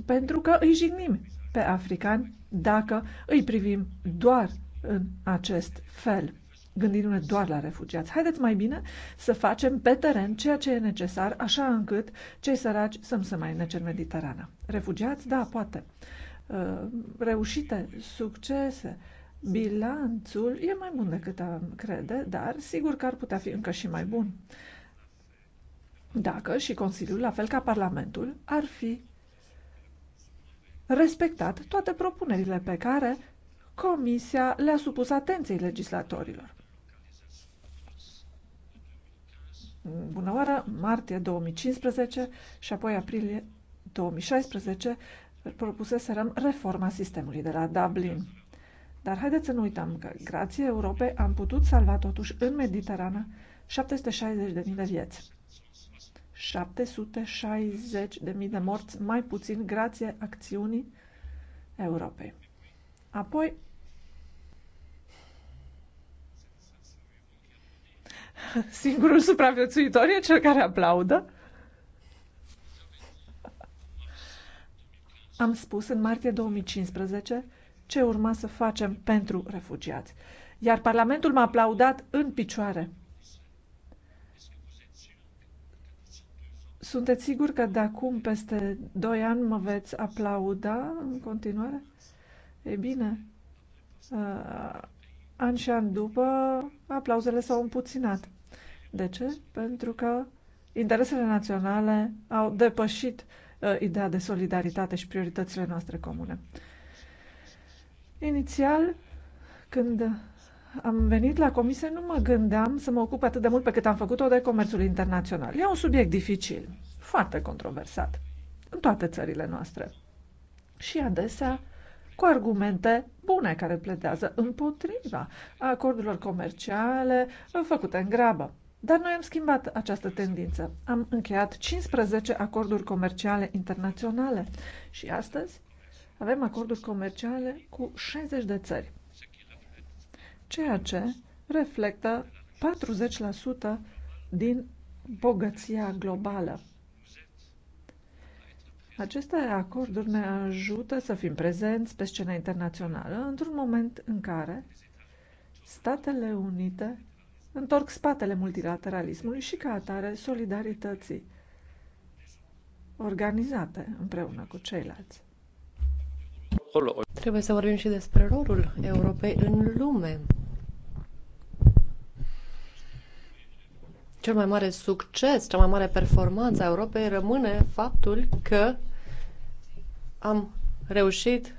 Pentru că îi jignim pe africani dacă îi privim doar în acest fel gândindu-ne doar la refugiați. Haideți mai bine să facem pe teren ceea ce e necesar, așa încât cei săraci să nu se mai nece în Mediterană. Refugiați? Da, poate. Uh, reușite, succese, bilanțul e mai bun decât am crede, dar sigur că ar putea fi încă și mai bun. Dacă și Consiliul, la fel ca Parlamentul, ar fi respectat toate propunerile pe care Comisia le-a supus atenției legislatorilor. bună oară, martie 2015 și apoi aprilie 2016 propuseserăm reforma sistemului de la Dublin. Dar haideți să nu uităm că, grație Europei, am putut salva totuși în Mediterană 760.000 de vieți. 760.000 de morți, mai puțin grație acțiunii Europei. Apoi, [LAUGHS] Singurul supraviețuitor e cel care aplaudă. Am spus în martie 2015 ce urma să facem pentru refugiați, iar Parlamentul m-a aplaudat în picioare. Sunteți sigur că de acum, peste doi ani, mă veți aplauda în continuare? E bine, uh, an și an după, aplauzele s-au împuținat. De ce? Pentru că interesele naționale au depășit uh, ideea de solidaritate și prioritățile noastre comune. Inițial, când am venit la comisie, nu mă gândeam să mă ocup atât de mult pe cât am făcut-o de comerțul internațional. E un subiect dificil, foarte controversat, în toate țările noastre. Și adesea cu argumente bune care pledează împotriva acordurilor comerciale făcute în grabă. Dar noi am schimbat această tendință. Am încheiat 15 acorduri comerciale internaționale și astăzi avem acorduri comerciale cu 60 de țări, ceea ce reflectă 40% din bogăția globală. Aceste acorduri ne ajută să fim prezenți pe scena internațională într-un moment în care Statele Unite întorc spatele multilateralismului și ca atare solidarității organizate împreună cu ceilalți. Trebuie să vorbim și despre rolul Europei în lume. Cel mai mare succes, cea mai mare performanță a Europei rămâne faptul că am reușit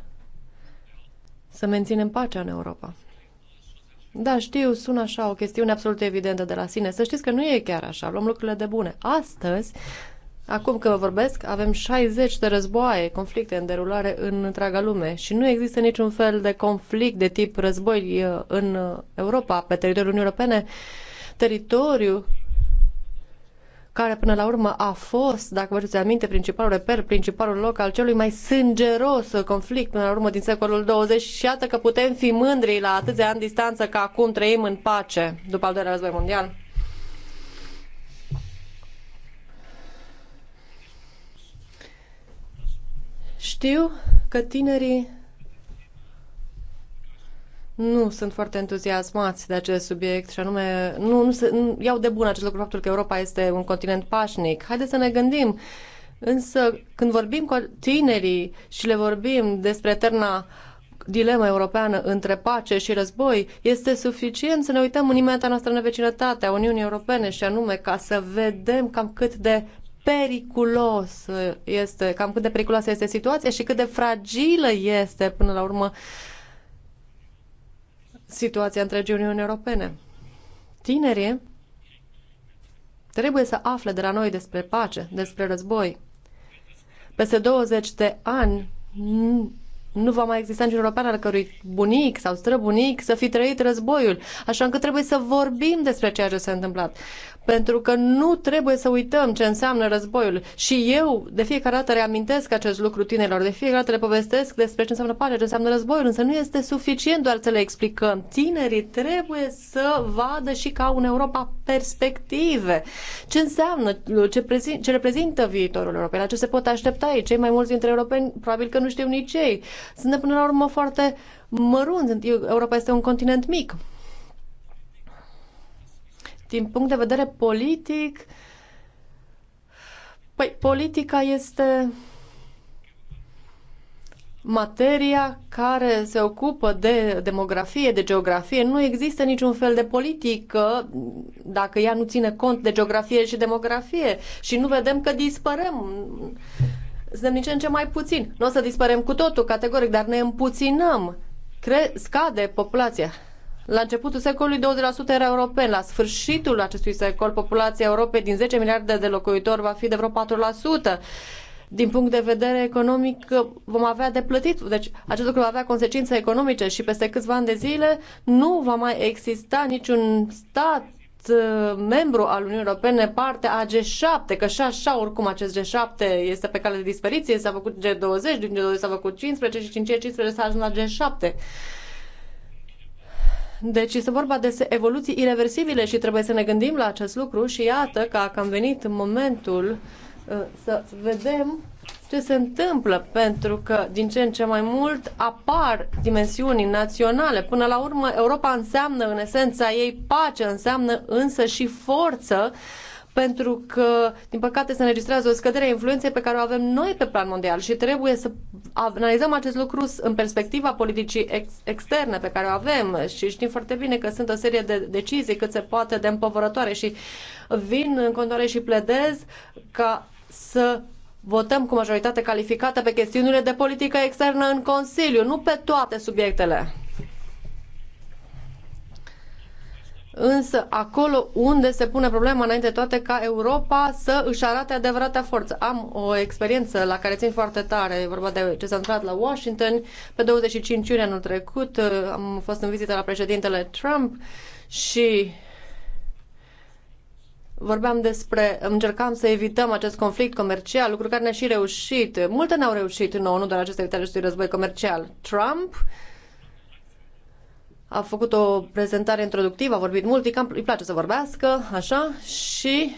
să menținem pacea în Europa. Da, știu, sună așa o chestiune absolut evidentă de la sine. Să știți că nu e chiar așa. Luăm lucrurile de bune. Astăzi, Acum că vă vorbesc, avem 60 de războaie, conflicte în derulare în întreaga lume și nu există niciun fel de conflict de tip război uh, în uh, Europa, pe teritoriul Uniunii Europene. Teritoriul care până la urmă a fost, dacă vă aduceți aminte, principalul reper, principalul loc al celui mai sângeros conflict până la urmă din secolul 20 și iată că putem fi mândri la atâția ani distanță că acum trăim în pace după al doilea război mondial. Știu că tinerii nu sunt foarte entuziasmați de acest subiect și anume nu, nu, se, nu iau de bun acest lucru faptul că Europa este un continent pașnic. Haideți să ne gândim. Însă când vorbim cu tinerii și le vorbim despre eterna dilema europeană între pace și război, este suficient să ne uităm în imediata noastră nevecinătate a Uniunii Europene și anume ca să vedem cam cât de periculos este, cam cât de periculoasă este situația și cât de fragilă este până la urmă uh, situația întregii Uniuni Europene. Tinerii trebuie să afle de la noi despre pace, despre război. Peste 20 de ani nu va mai exista niciun european al cărui bunic sau străbunic să fi trăit războiul, așa încât trebuie să vorbim despre ceea ce s-a întâmplat pentru că nu trebuie să uităm ce înseamnă războiul. Și eu de fiecare dată reamintesc acest lucru tinerilor, de fiecare dată le povestesc despre ce înseamnă pace, ce înseamnă războiul, însă nu este suficient doar să le explicăm. Tinerii trebuie să vadă și ca în Europa perspective. Ce înseamnă, ce, prezint, ce reprezintă viitorul european, la ce se pot aștepta ei. Cei mai mulți dintre europeni probabil că nu știu nici ei. Suntem până la urmă foarte mărunți. Europa este un continent mic. Din punct de vedere politic, păi, politica este materia care se ocupă de demografie, de geografie, nu există niciun fel de politică dacă ea nu ține cont de geografie și demografie și nu vedem că dispărăm. Suntem din ce în ce mai puțin. Nu o să dispărem cu totul, categoric, dar ne împuținăm. Cre- scade populația. La începutul secolului, 20% era europeni. La sfârșitul acestui secol, populația Europei din 10 miliarde de locuitori va fi de vreo 4% din punct de vedere economic vom avea de plătit. Deci acest lucru va avea consecințe economice și peste câțiva ani de zile nu va mai exista niciun stat uh, membru al Uniunii Europene parte a G7, că și așa oricum acest G7 este pe cale de dispariție, s-a făcut G20, din G20 s-a făcut 15 și 5 15 s-a ajuns la G7. Deci este vorba de evoluții irreversibile și trebuie să ne gândim la acest lucru și iată că a cam venit momentul uh, să vedem ce se întâmplă, pentru că din ce în ce mai mult apar dimensiuni naționale. Până la urmă, Europa înseamnă în esența ei pace, înseamnă însă și forță pentru că, din păcate, se înregistrează o scădere a influenței pe care o avem noi pe plan mondial și trebuie să analizăm acest lucru în perspectiva politicii ex- externe pe care o avem și știm foarte bine că sunt o serie de decizii cât se poate de împovărătoare și vin în continuare și pledez ca să votăm cu majoritate calificată pe chestiunile de politică externă în Consiliu, nu pe toate subiectele. însă acolo unde se pune problema înainte toate ca Europa să își arate adevărata forță. Am o experiență la care țin foarte tare, e vorba de ce s-a întâmplat la Washington pe 25 iunie anul trecut, am fost în vizită la președintele Trump și Vorbeam despre, încercam să evităm acest conflict comercial, lucru care ne-a și reușit. Multe n-au reușit nouă, nu doar aceste evitare acestui război comercial. Trump a făcut o prezentare introductivă, a vorbit mult, îi, place să vorbească, așa, și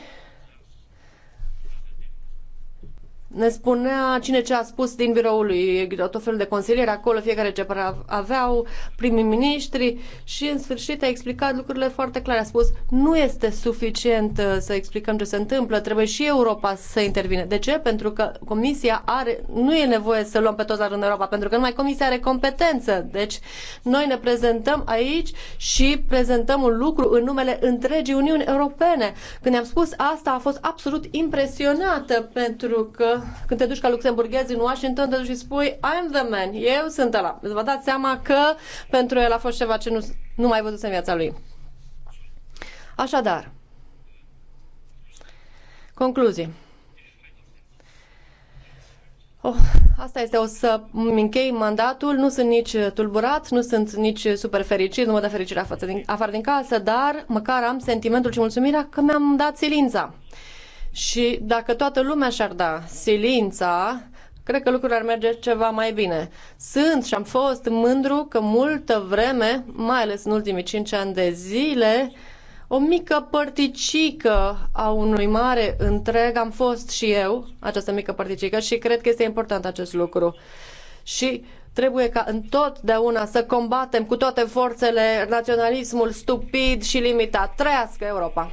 ne spunea cine ce a spus din biroul lui, tot felul de consilieri acolo, fiecare ce aveau, primii miniștri și în sfârșit a explicat lucrurile foarte clare. A spus, nu este suficient uh, să explicăm ce se întâmplă, trebuie și Europa să intervine. De ce? Pentru că Comisia are, nu e nevoie să luăm pe toți la rând Europa, pentru că numai Comisia are competență. Deci noi ne prezentăm aici și prezentăm un lucru în numele întregii Uniuni Europene. Când am spus asta, a fost absolut impresionată pentru că când te duci ca luxemburghezi în Washington, te duci și spui I'm the man, eu sunt ăla. Îți vă dați seama că pentru el a fost ceva ce nu, nu mai văzut în viața lui. Așadar, concluzii. Oh, asta este, o să închei mandatul, nu sunt nici tulburat, nu sunt nici super fericit, nu mă dă fericirea față din, afară din casă, dar măcar am sentimentul și mulțumirea că mi-am dat silința. Și dacă toată lumea și-ar da silința, cred că lucrurile ar merge ceva mai bine. Sunt și am fost mândru că multă vreme, mai ales în ultimii 5 ani de zile, o mică părticică a unui mare întreg am fost și eu, această mică părticică, și cred că este important acest lucru. Și trebuie ca întotdeauna să combatem cu toate forțele naționalismul stupid și limitat. Trăiască Europa!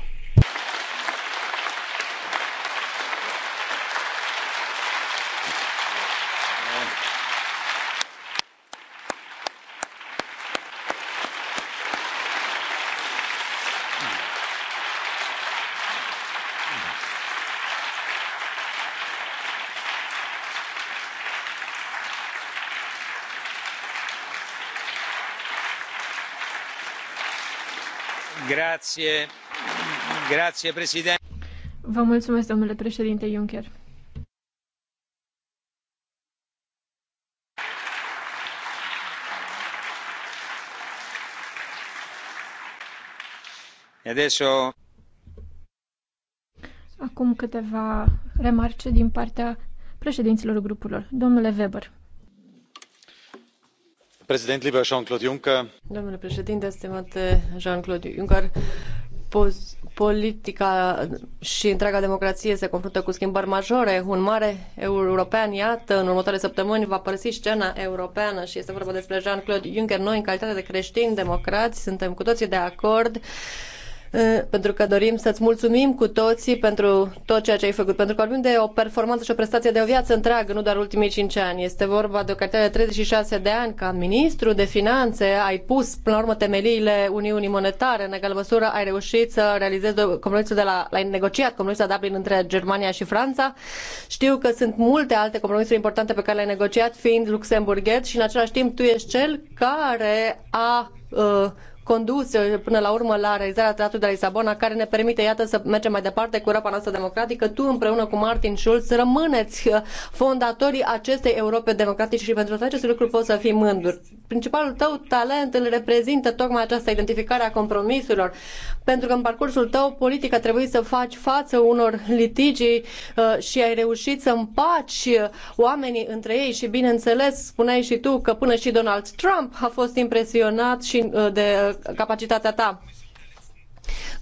Vă mulțumesc, domnule președinte Juncker. Adesso... Acum câteva remarce din partea președinților grupurilor. Domnule Weber domnule președinte stimate jean claude juncker politica și întreaga democrație se confruntă cu schimbări majore. Un mare european, iată, în următoarele săptămâni va părăsi scena europeană și este vorba despre Jean-Claude Juncker. Noi, în calitate de creștini democrați, suntem cu toții de acord că Eh, pentru că dorim să-ți mulțumim cu toții pentru tot ceea ce ai făcut, pentru că vorbim de o performanță și o prestație de o viață întreagă, nu doar ultimii cinci ani. Este vorba de o cartea de 36 de ani ca ministru de finanțe, ai pus până la urmă temeliile Uniunii Monetare, în egală măsură ai reușit să realizezi compromisul de la, la negociat compromisul de Dublin între Germania și Franța. Știu că sunt multe alte compromisuri importante pe care le-ai negociat fiind luxemburghez și în același timp tu ești cel care a uh, condus eh, până la urmă la realizarea Tratatului de la Lisabona, care ne permite, iată, să mergem mai departe cu Europa noastră democratică. Tu, împreună cu Martin Schulz, rămâneți eh, fondatorii acestei Europe democratice și pentru acest lucru poți să fii mândru. Principalul tău talent îl reprezintă tocmai această identificare a compromisurilor, pentru că în parcursul tău politic a trebuit să faci față unor litigii eh, și ai reușit să împaci oamenii între ei și, bineînțeles, spuneai și tu că până și Donald Trump a fost impresionat și de capacitatea ta.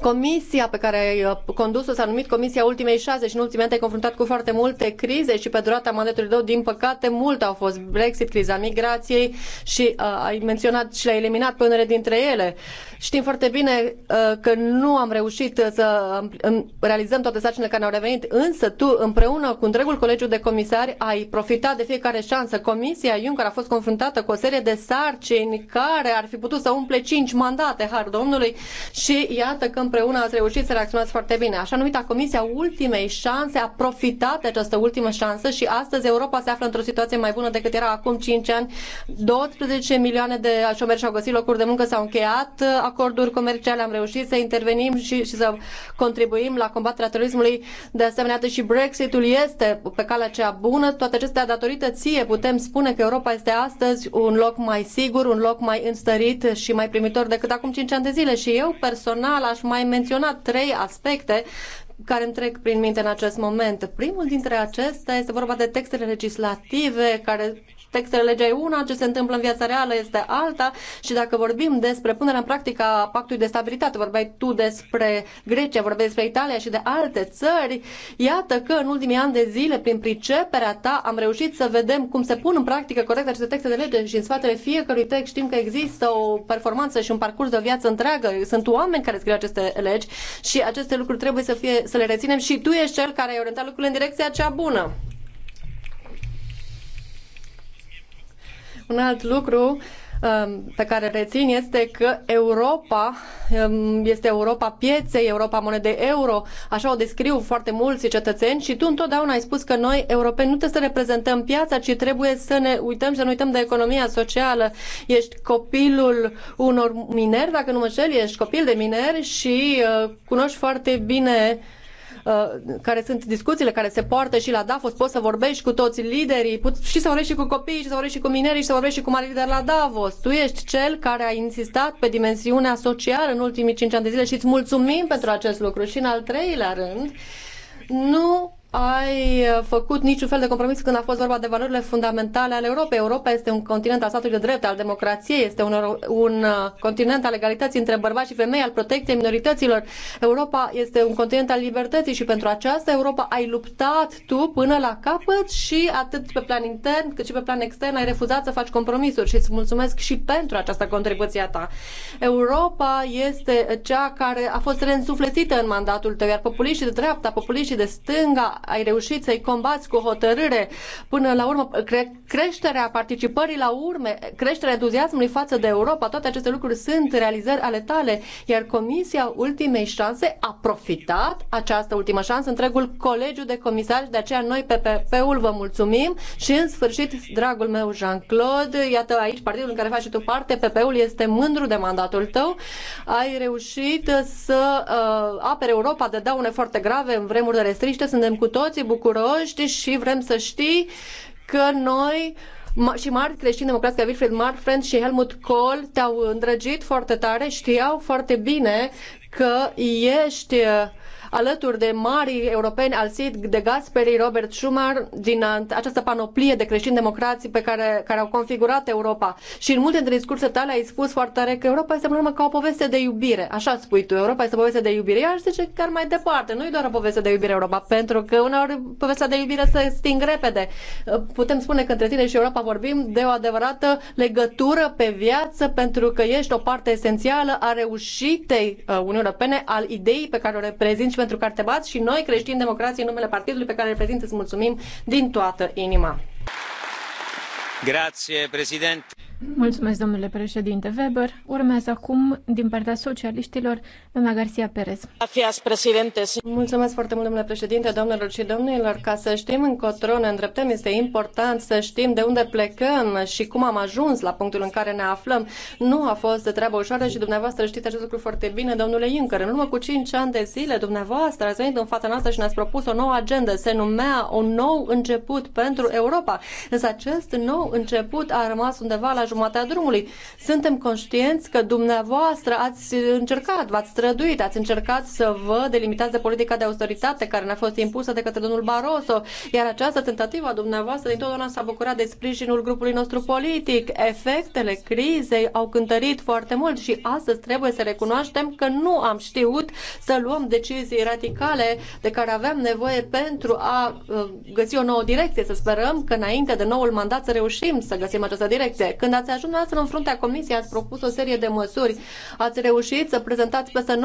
Comisia pe care ai uh, condus-o s-a numit Comisia Ultimei Șase și în ultimii ani te-ai confruntat cu foarte multe crize și pe durata mandatului tău, din păcate, multe au fost Brexit, criza migrației și uh, ai menționat și le-ai eliminat pe unele dintre ele. Știm foarte bine uh, că nu am reușit să um, realizăm toate sarcinile care ne-au revenit, însă tu, împreună cu întregul colegiu de comisari, ai profitat de fiecare șansă. Comisia Juncker a fost confruntată cu o serie de sarcini care ar fi putut să umple cinci mandate, har Domnului, și iată arată că împreună ați reușit să reacționați foarte bine. Așa numita Comisia Ultimei Șanse a profitat de această ultimă șansă și astăzi Europa se află într-o situație mai bună decât era acum 5 ani. 12 milioane de șomeri și-au găsit locuri de muncă, s-au încheiat acorduri comerciale, am reușit să intervenim și, și să contribuim la combaterea terorismului. De asemenea, deși Brexitul este pe calea cea bună, toate acestea datorită ție putem spune că Europa este astăzi un loc mai sigur, un loc mai înstărit și mai primitor decât acum 5 ani de zile. Și eu personal aș mai menționa trei aspecte care îmi trec prin minte în acest moment. Primul dintre acestea este vorba de textele legislative care textele legea e una, ce se întâmplă în viața reală este alta și dacă vorbim despre punerea în practică a pactului de stabilitate, vorbeai tu despre Grecia, vorbeai despre Italia și de alte țări, iată că în ultimii ani de zile, prin priceperea ta, am reușit să vedem cum se pun în practică corect aceste texte de lege și în spatele fiecărui text știm că există o performanță și un parcurs de o viață întreagă. Sunt oameni care scriu aceste legi și aceste lucruri trebuie să, fie, să le reținem și tu ești cel care ai orientat lucrurile în direcția cea bună. Un alt lucru um, pe care rețin este că Europa um, este Europa pieței, Europa monedei euro. Așa o descriu foarte mulți cetățeni și tu întotdeauna ai spus că noi, europeni, nu trebuie să reprezentăm piața, ci trebuie să ne uităm și să ne uităm de economia socială. Ești copilul unor mineri, dacă nu mă șel, ești copil de mineri și uh, cunoști foarte bine uh, Uh, care sunt discuțiile care se poartă și la Davos, poți să vorbești cu toți liderii, și să vorbești și cu copiii, și să vorbești și cu minerii, și să vorbești și cu mari lideri la Davos. Tu ești cel care a insistat pe dimensiunea socială în ultimii cinci ani de zile și îți mulțumim pentru acest lucru. Și în al treilea rând, nu ai uh, făcut niciun fel de compromis când a fost vorba de valorile fundamentale ale Europei. Europa este un continent al statului de drept, al democrației, este un, un uh, continent al egalității între bărbați și femei, al protecției minorităților. Europa este un continent al libertății și pentru aceasta Europa ai luptat tu până la capăt și atât pe plan intern cât și pe plan extern ai refuzat să faci compromisuri și îți mulțumesc și pentru această contribuție a ta. Europa este cea care a fost reînsuflețită în mandatul tău, iar populiștii de dreapta, populiștii de stânga ai reușit să-i combați cu hotărâre, până la urmă cre- creșterea participării la urme, creșterea entuziasmului față de Europa, toate aceste lucruri sunt realizări ale tale, iar Comisia Ultimei Șanse a profitat această ultimă șansă, întregul colegiu de comisari, de aceea noi PPP-ul vă mulțumim și în sfârșit, dragul meu Jean-Claude, iată aici partidul în care faci și tu parte, PP-ul este mândru de mandatul tău, ai reușit să uh, apere Europa de daune foarte grave în vremuri de restriște, suntem cu toții bucuroși și vrem să știi că noi și mari creștini democrați ca Wilfried Marfrand și Helmut Kohl te-au îndrăgit foarte tare, știau foarte bine că ești uh, alături de mari europeni al SID, de Gasperi, Robert Schumann, din uh, această panoplie de creștini democrații pe care, care au configurat Europa. Și în multe dintre discursurile tale ai spus foarte tare că Europa este în urmă ca o poveste de iubire. Așa spui tu, Europa este o poveste de iubire. Eu aș zice chiar mai departe, nu e doar o poveste de iubire Europa, pentru că uneori povestea de iubire se sting repede. Uh, putem spune că între tine și Europa vorbim de o adevărată legătură pe viață, pentru că ești o parte esențială a reușitei uh, Uniunii Europene, al ideii pe care o reprezinți și pentru că bați și noi, creștini democrații, în numele partidului pe care îl reprezint, îți mulțumim din toată inima. Grazie, președinte. Mulțumesc, domnule președinte Weber. Urmează acum, din partea socialiștilor, doamna Garcia Perez. Mulțumesc foarte mult, domnule președinte, domnilor și domnilor. Ca să știm încotro ne îndreptăm, este important să știm de unde plecăm și cum am ajuns la punctul în care ne aflăm. Nu a fost de treabă ușoară și dumneavoastră știți acest lucru foarte bine, domnule Iuncăr. În urmă cu 5 ani de zile, dumneavoastră ați venit în fața noastră și ne-ați propus o nouă agendă. Se numea un nou început pentru Europa. Însă acest nou început a rămas undeva la jumătatea drumului. Suntem conștienți că dumneavoastră ați încercat, v-ați străduit, ați încercat să vă delimitați de politica de austeritate care ne-a fost impusă de către domnul Barroso, iar această tentativă a dumneavoastră dintotdeauna s-a bucurat de sprijinul grupului nostru politic. Efectele crizei au cântărit foarte mult și astăzi trebuie să recunoaștem că nu am știut să luăm decizii radicale de care aveam nevoie pentru a uh, găsi o nouă direcție. Să sperăm că înainte de noul mandat să reușim să găsim această direcție. Când ați Ați ajuns astfel în fruntea Comisiei, ați propus o serie de măsuri, ați reușit să prezentați peste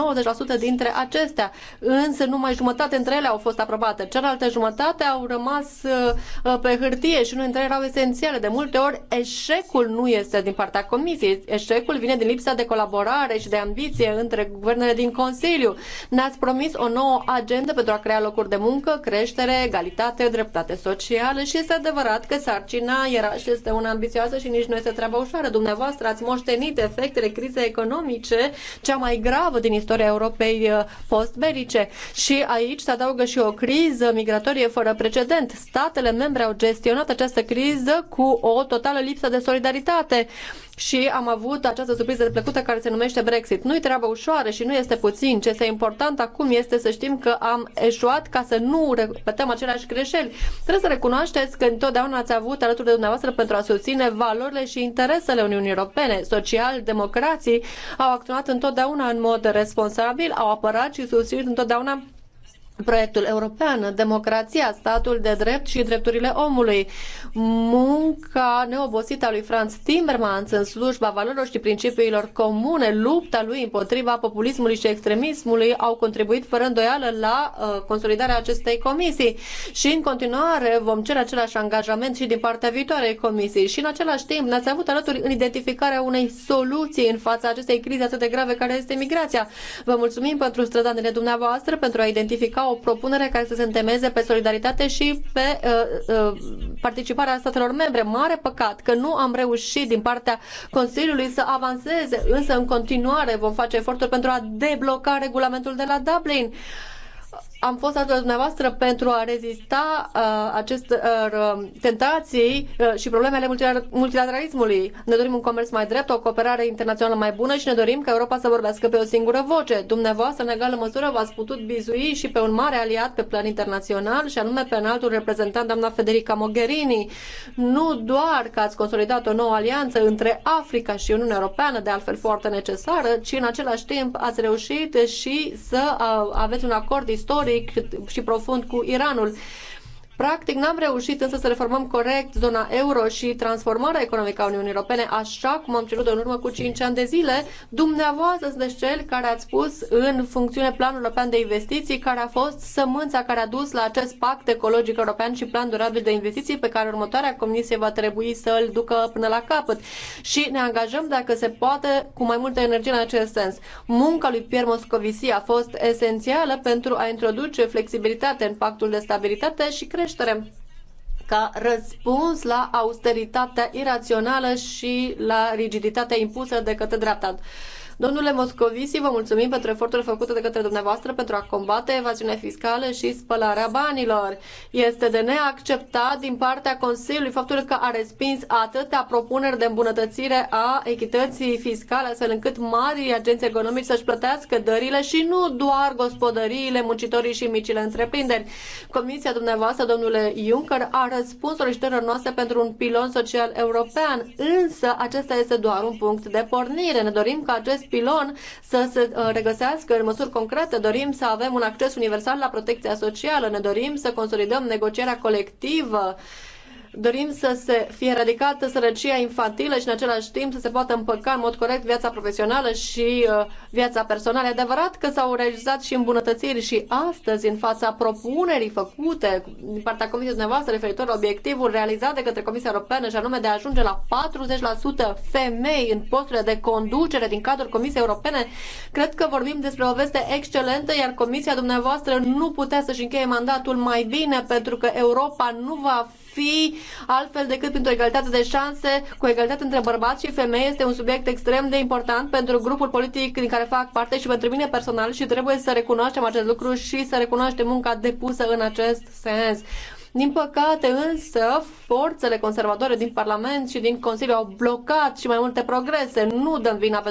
90% dintre acestea, însă numai jumătate dintre ele au fost aprobate. Celelalte jumătate au rămas uh, uh, pe hârtie și nu dintre erau esențiale. De multe ori, eșecul nu este din partea Comisiei. Eșecul vine din lipsa de colaborare și de ambiție între guvernele din Consiliu. Ne-ați promis o nouă agendă pentru a crea locuri de muncă, creștere, egalitate, dreptate socială și este adevărat că sarcina era și este una ambițioasă și nici nu este treabă ușoară. Dumneavoastră ați moștenit efectele crizei economice, cea mai gravă din istoria Europei uh, berice Și aici se adaugă și o criză migratorie fără precedent. Statele membre au gestionat această criză cu o totală lipsă de solidaritate și am avut această surpriză plăcută care se numește Brexit. Nu-i treaba ușoară și nu este puțin. Ce este important acum este să știm că am eșuat ca să nu repetăm aceleași greșeli. Trebuie să recunoașteți că întotdeauna ați avut alături de dumneavoastră pentru a susține valorile și interesele Uniunii Europene. Social-democrații au acționat întotdeauna în mod responsabil, au apărat și susținut întotdeauna proiectul european, democrația, statul de drept și drepturile omului. Munca neobosită a lui Franz Timmermans în slujba valorilor și principiilor comune, lupta lui împotriva populismului și extremismului au contribuit fără îndoială la uh, consolidarea acestei comisii și în continuare vom cere același angajament și din partea viitoarei comisii și în același timp ne-ați avut alături în identificarea unei soluții în fața acestei crize atât de grave care este migrația. Vă mulțumim pentru strădanele dumneavoastră, pentru a identifica o propunere care să se întemeze pe solidaritate și pe uh, uh, participarea statelor membre. Mare păcat că nu am reușit din partea Consiliului să avanseze, însă în continuare vom face eforturi pentru a debloca regulamentul de la Dublin. Uh, am fost alături de dumneavoastră pentru a rezista uh, acestor uh, tentații uh, și problemele multilateralismului. Ne dorim un comerț mai drept, o cooperare internațională mai bună și ne dorim ca Europa să vorbească pe o singură voce. Dumneavoastră, în egală măsură, v-ați putut bizui și pe un mare aliat pe plan internațional și anume pe înaltul reprezentant, doamna Federica Mogherini. Nu doar că ați consolidat o nouă alianță între Africa și Uniunea Europeană, de altfel foarte necesară, ci în același timp ați reușit și să uh, aveți un acord istoric istoric și profund cu Iranul. Practic, n-am reușit însă să reformăm corect zona euro și transformarea economică a Uniunii Europene, așa cum am cerut în urmă cu 5 ani de zile. Dumneavoastră sunteți cel care ați pus în funcțiune Planul European de Investiții, care a fost sămânța care a dus la acest pact ecologic european și plan durabil de investiții pe care următoarea comisie va trebui să îl ducă până la capăt. Și ne angajăm, dacă se poate, cu mai multă energie în acest sens. Munca lui Pierre Moscovici a fost esențială pentru a introduce flexibilitate în pactul de stabilitate și creștere creștere ca răspuns la austeritatea irațională și la rigiditatea impusă de către dreapta. Domnule Moscovici, vă mulțumim pentru eforturile făcute de către dumneavoastră pentru a combate evaziunea fiscală și spălarea banilor. Este de neacceptat din partea Consiliului faptul că a respins atâtea propuneri de îmbunătățire a echității fiscale, astfel încât marii agenți economici să-și plătească dările și nu doar gospodăriile, muncitorii și micile întreprinderi. Comisia dumneavoastră, domnule Juncker, a răspuns solicitărilor noastre pentru un pilon social european, însă acesta este doar un punct de pornire. Ne dorim ca acest pilon să se uh, regăsească în măsuri concrete. Dorim să avem un acces universal la protecția socială, ne dorim să consolidăm negocierea colectivă Dorim să se fie eradicată sărăcia infantilă și în același timp să se poată împăca în mod corect viața profesională și uh, viața personală. E adevărat că s-au realizat și îmbunătățiri și astăzi în fața propunerii făcute din partea Comisiei dumneavoastră referitor la obiectivul realizat de către Comisia Europeană și anume de a ajunge la 40% femei în posturile de conducere din cadrul Comisiei Europene. Cred că vorbim despre o veste excelentă, iar Comisia dumneavoastră nu putea să-și încheie mandatul mai bine pentru că Europa nu va fi altfel decât printr-o egalitate de șanse cu egalitate între bărbați și femei este un subiect extrem de important pentru grupul politic din care fac parte și pentru mine personal și trebuie să recunoaștem acest lucru și să recunoaștem munca depusă în acest sens. Din păcate însă, forțele conservatoare din Parlament și din Consiliu au blocat și mai multe progrese. Nu dăm vina pe